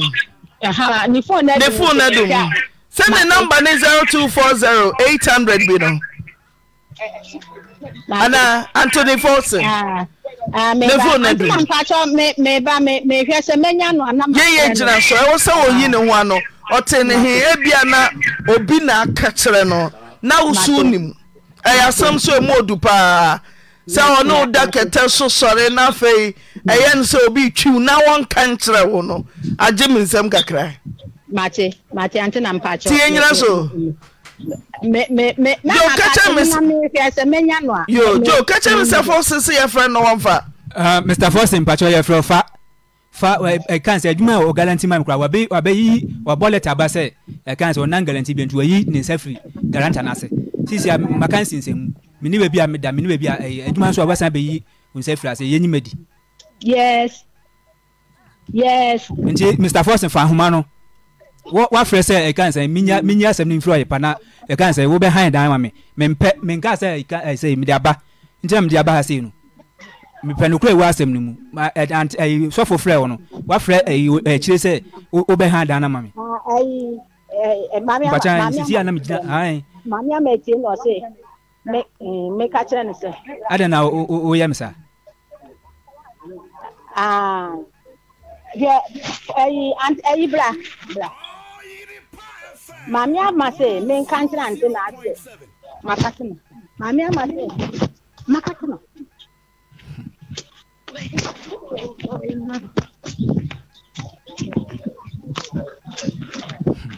ne fone na dum. ne fone na dum. sɛ ne zero two four zero eight hundred bi no. ana anthony fawson. Ah, ah, ne fone na dum. mpatsɔ me me ba me me hwɛ sɛ me nya no anam. yeye gyina so ɛwɔ sɛ oyi ne ho ano na obi na no na ɛyɛ asɛm so ɛmu odu paa sɛ ɔne wo da kɛtɛ so sɔre na afei ɛyɛ no sɛ obi twiw na wɔnka nkyerɛ wo no agye me nsɛm kakra tie nyina so jo ka me sɛ fo sese yɛfrɛ no wɔmfa uh, mr fosin mpakyɛ yɛfrɛ fa fa ɛkan sɛ adwuma a ɔgalanti ma mi kora wabɛyi wabɔ lɛta aba sɛ ɛkan sɛ ɔnan galanti bi nti wayi ne nsa firi garanta no ase sisi a maka nsensɛn mu mini baabi a meda mini baabi a ɛyɛ eh, eh, nso a bɛyi nsa fira sɛ yɛn nyima yes yes. nti mr forson fa ahoma no wafrɛ sɛ ɛka nsɛn minya minya asɛm no nfiri ɔyɛ pa na ɛka nsɛn wo bɛ han dan ma mi mɛmpɛ mɛnka sɛ ɛka ɛsɛ eh, mi de aba nti na mi de aba ha sei no mepɛ no kura ewu asɛm no mu ɛyi sɔfo frɛ wɔ no wafrɛ ɛyi ɛkyire sɛ wo bɛ han dan ah, na ma mi. ɛyi ɛmaami ama maami ama maame ama etie na ɔse me eh, meka kyerɛ no sɛ. adan na woyɛ me saa. Ah, deɛ ɛyi ɛyi bra bra maame ama sɛ menka nkyerɛ ante na ase maka te no maame ama sɛ maka te no.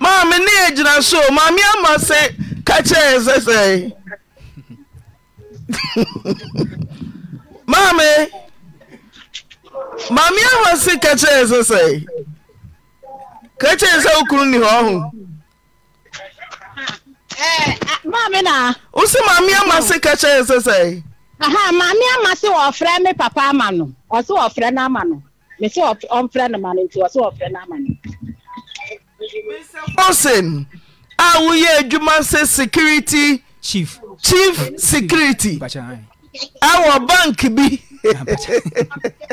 maame ne yɛ gyina so maame ama sɛ. Kacha kyerɛ maame maame ahɔ se ka kyerɛ sɛ sɛ ka kyerɛ sɛ maame na wo se maame ama se aha maame ama se wɔfrɛ papa ama no ɔse wɔfrɛ no ama no mese ɔmfrɛ no ma a woyɛ adwuma sɛ security chief security a wɔ bank bi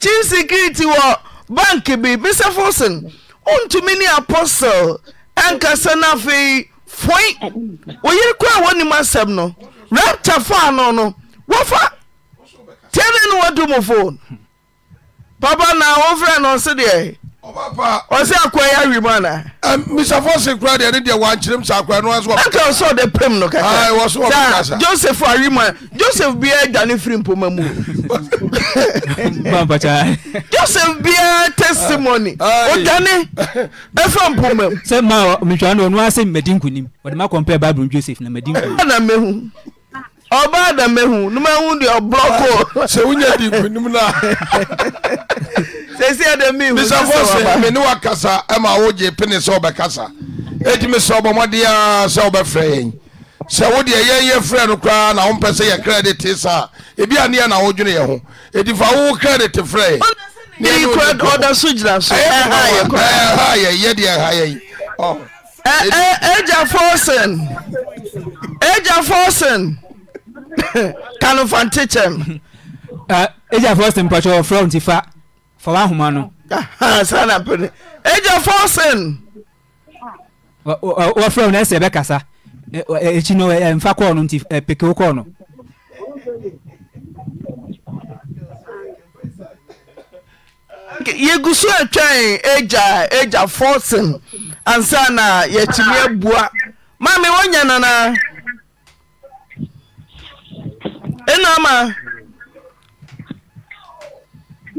chief security wɔ bank bi mesɛ fosono wontumi ne aposle ankasa no afei fɔi wo yere kɔa wonnimasɛm no rɛpta faa no no wɔfa tiɛ nɛ ne woado mo pfon papa na wofrɛ nɔɔse deɛ ɔsɛ oh, akwa yɛ awi mu ana. Um, misafo se kura deɛ ne deɛ wa nkyerɛ mu sa akwa no aso. aka sɔ de pɛm no kaka. ayi wɔ so wɔ kasa. joseph awi mu ana joseph biɛ dwane firi mpoma mu. bambata. joseph biɛ testimony o dwane ɛfɛ mpoma mu. sɛ maa mitwa no ɔno ase mɛdi nkunim wɔde ma kɔmpɛ bible joseph na mɛdi nkunim. ɛna mehu ọba adamehu numahu de ọblọkọ. sẹ wúnyẹ di nkunim náà. sɛsi ɛdɛ mi hu bisafo sɛ mi ni wa kasa ɛma awo gye pini sɛ ɔbɛ kasa eti mi sɛ ɔbɔ mɔdenya sɛ ɔbɛ fɛ yɛn sɛ wo deɛ yɛn yɛ fɛ no koraa na wo mpɛ sɛ yɛ kra de te saa ebi ani yɛ na wo dwene yɛ ho eti fa wo kra de te fɛ yɛ. ni kura ɔda so gyina so ɛha yɛ kura ɛha yɛ yɛ deɛ ɛha yɛ yi. ɛ ɛ ɛgya fɔsen ɛgya fɔsen kanofan tikyɛm. ɛgya fɔsen pàtó fúlọ̀ ntifa. fhoanoaga fosen wfrɛ na sɛ bɛkasa kinmfa kɔ nontpkeo kɔɔ noyɛgu su atwae a aya fosen ansa na yɛtimi abua mame wɔanya nanaaɛnma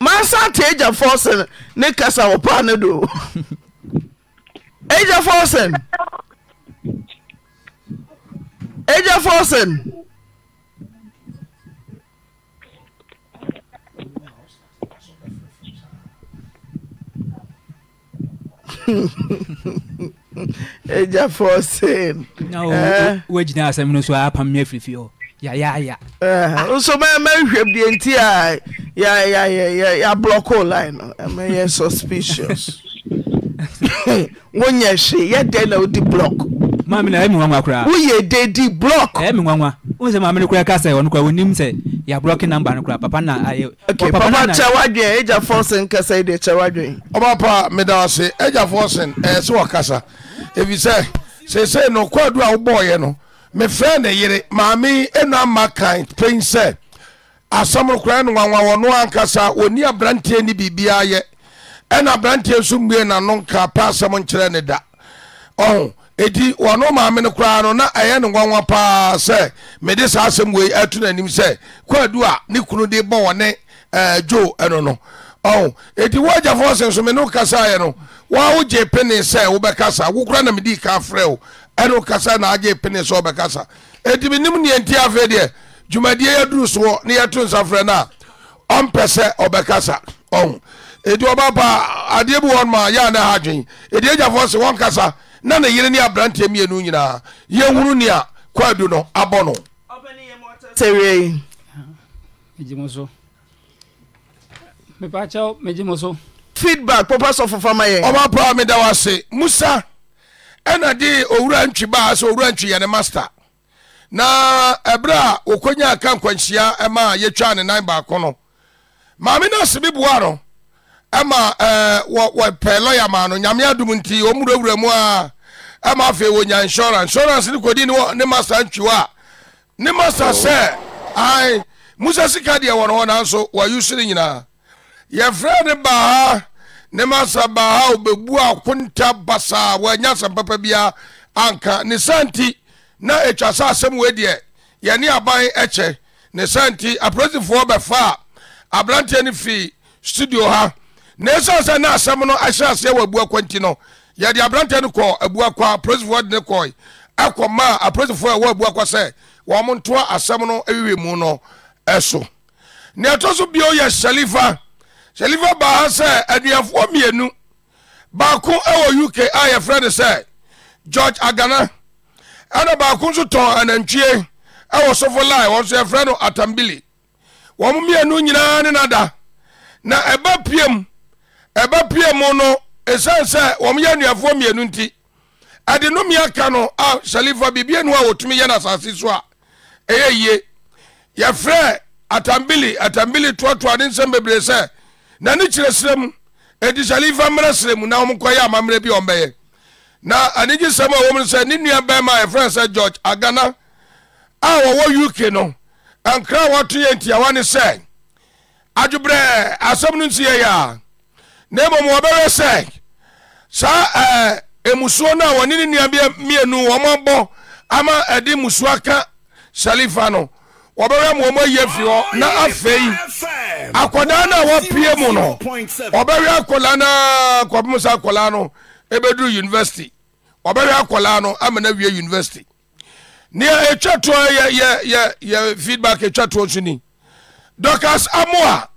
masa te agya fosen ne kasa ɔ paa no do agya fo sɛn ɛgya fo senwagyina asɛm nosoaapamiafirifi yayaya. nso eh, mɛhwɛm deɛ nti a all line no ɛmɛyɛ eh, suspicious wonyɛ hwe yɛdɛn na wodi block. maame na ɛmi nwanwa koraa. woyɛ de di block. ɛmi nwanwa wọn sɛ maame no koraa kasa ɛwɔ no koraa wonim sɛ yabulɔki namba no kura. papa na ayɛ. ok papa kyɛ wadwin ɛgya fɔsin kasa yi de kyɛ wadwin. ɔba pa medawase ɛgya fɔsin ɛyɛ sɛ wɔkasa ebi sɛ sese no kwaadu a wobɔɔyɛ no. mefrɛ ne yere maame ɛnu ama kan pɛn sɛ asɛm koraa no nwanwa wɔno ankasa ɔni aberanteɛ ne biribiaa ayɛ ɛna aberanteɛ nso mmue n'ano nka pɛ asɛm nkyerɛ ne da ɔho ɛti wɔno maame no koraa no na ɛyɛ ne nwanwa paa sɛ mede saa asɛm wei atu n'anim sɛ kwaadu a ne kunu de bɔ wɔne dwo eh, ɛno no ɔho ɛti woagyafoɔ se nso me ne wokasaeɛ no woa wogye pene sɛ wobɛkasa wo kora na medi ka frɛ o ɛna okasa na agye pene sɛ ɔbɛkasa ɛtumi nim neɛ nti afei deɛ dwumadie yɛduru soɔ ne yɛto nsafrɛ no a ɔmpɛ sɛ ɔbɛkasa ɔho ɛti ɔba pa adeɛ bi wɔnom a yɛa ne ha adwen ɛti agyafoɔ se wɔnkasa na ne yere ne aberanteɛ mmienu nyinaa yɛhunu nea kwaadu no abɔ no sɛwiei megyemo so mepakyɛw feedback pɔpɛ sɔfo fama yɛ ɔba paa meda wo ase musa ɛna de owura ntwi baa sɛ ɔwura ntwi yɛ ne masta na ɛberɛ a wɔkɔnya ka nkwahyia ma yɛtwaa ne nan baako no maame no asebiboa no ma wɔpɛ lɔyama no nyame adom nti ɔ mwurawura mu a ma afei wɔnya insurance insurance no kodin ne masta ntwi wɔ a ne masta sɛ a musa sika deɛ wɔ no hɔnaso wɔayuso no nyinaa yɛfrɛ ne baa ne masa baaw bɛbua konta basa wɔanya asɛmpapa biaa anka ne santi na ɛtwa sɛ asɛmwe deɛ yɛne aban kyɛ ne santi apsfoɔ bɛfaa brn fi sdo ɛsine sɛne asɛm no ɛseɛpɔɛsɛ toa asɛm no so ne ɛtɔ so bi yɛ salifa seliva baa sɛ anuafoɔ mmianu baako ɛwɔ uk a yɛfrɛ ne sɛ gorge aghana ɛna baako nso tɔn anantwie ɛwɔ sofo li wɔn so yɛfrɛ no atambile wɔm ianu nyinaa ne nada na ɛb pmɛba pie mu no ɛsiane sɛ wɔmyɛ anuafoɔ mmianu nti ɛde nommeaka no a seliva biribianeh a wɔtumi yɛ no asase so a ɛyɛ yie yɛfrɛ atambile atabile toatoa ne nsɛ bebree sɛ nane kyerɛserɛ m ɛdi salifa mmrɛ serɛ mu na ɔmɔyɛ mammrɛ bi ɔɛyɛ na anegyesɛm a wɔm o sɛ ne nua bɛima ɛfrɛn sɛ gorge agana a wɔwɔ uk no nkra wɔtoyɛ ntiawane sɛ adwo berɛ asɛm no nti yɛyɛ a na mmom wɔbɛwɛ sɛ saa musuo no a wɔne ne nua ɛ an ɔmɔbɔ ama ɛde mmusuo ka salifa no wɔbɛɛ maɔmɔ ayie fi hɔ na afei akwadaa na wapie mu no ɔbɛhwɛ akwadaa na kɔpem sɛ akwadaa no ɛbɛduru university ɔbɛhwɛ akwadaa no ama na wie university nea etwa toɔ yɛ yɛ yɛ yɛ feedback etwa toɔ so ni dɔkas amoa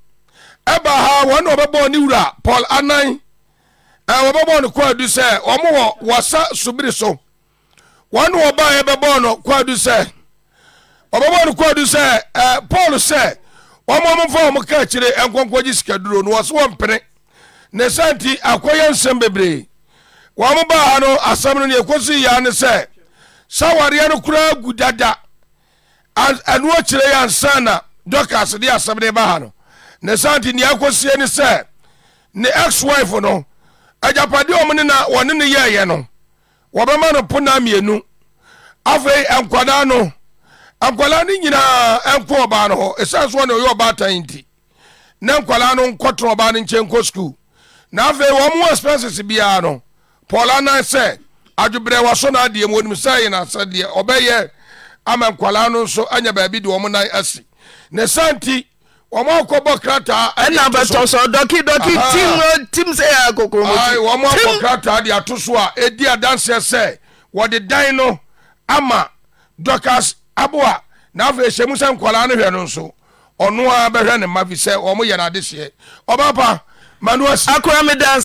ɛba ha wɔn na ɔbɛbɔ ne paul anan ɛɛ wɔbɛbɔ no kwaadu sɛ wɔn wɔ wɔsa subiri so wɔn na wɔba yɛ bɛbɔ no wɔmoɔmofa wɔ mo ka kyire nkɔnkɔn gyi sikaduro no wɔ sewɔ mpene ne sianti akɔ yɛnsɛm bebree wɔ mo ba ha no asɛm no nea ɛkosi yi ne sɛ sɛ wɔreɛ no koraa gu dada ɛnoakyire yi ansa na dɔrkas deɛ asɛm ne ba ha no ne sianti ne a kɔsie ne sɛ ne s wif no agyapadeɛ ɔ m ne na wɔne no yɛyɛ no wɔbɛma no po namienu afei ɛnkwadaa no nkwalaa no nyinaa ɛnkɔ ɔbaa no hɔ ɛsiane soɔ na ɔyɛ ɔbaatan nti na nkwalaa no nkɔtena ɔbaa no nkyɛn nkɔ sukuu na afei wɔn mu expenses biara no pɔla nan sɛ adwobrɛ so na adeɛ mu onim sɛ yɛn asa deɛ ɔbɛyɛ ama nkwalaa no nso anya baabi de wɔn nan asi ne santi wɔn akɔbɔ krataa ɛna bɛtɔ so dɔki dɔki tim eh, tim sɛ yɛ eh, akokoro mo ti wɔn akɔ krataa de ato so a edi adanseɛ sɛ no ama dɔkas aboa na afei hyɛ mu sɛ nkwaraa no hwɛ no nso ɔno a bɛhwɛ ne ma fi sɛ wɔn yɛ n'adehyɛ ɔbaapa manuwa si. akora mi dansi.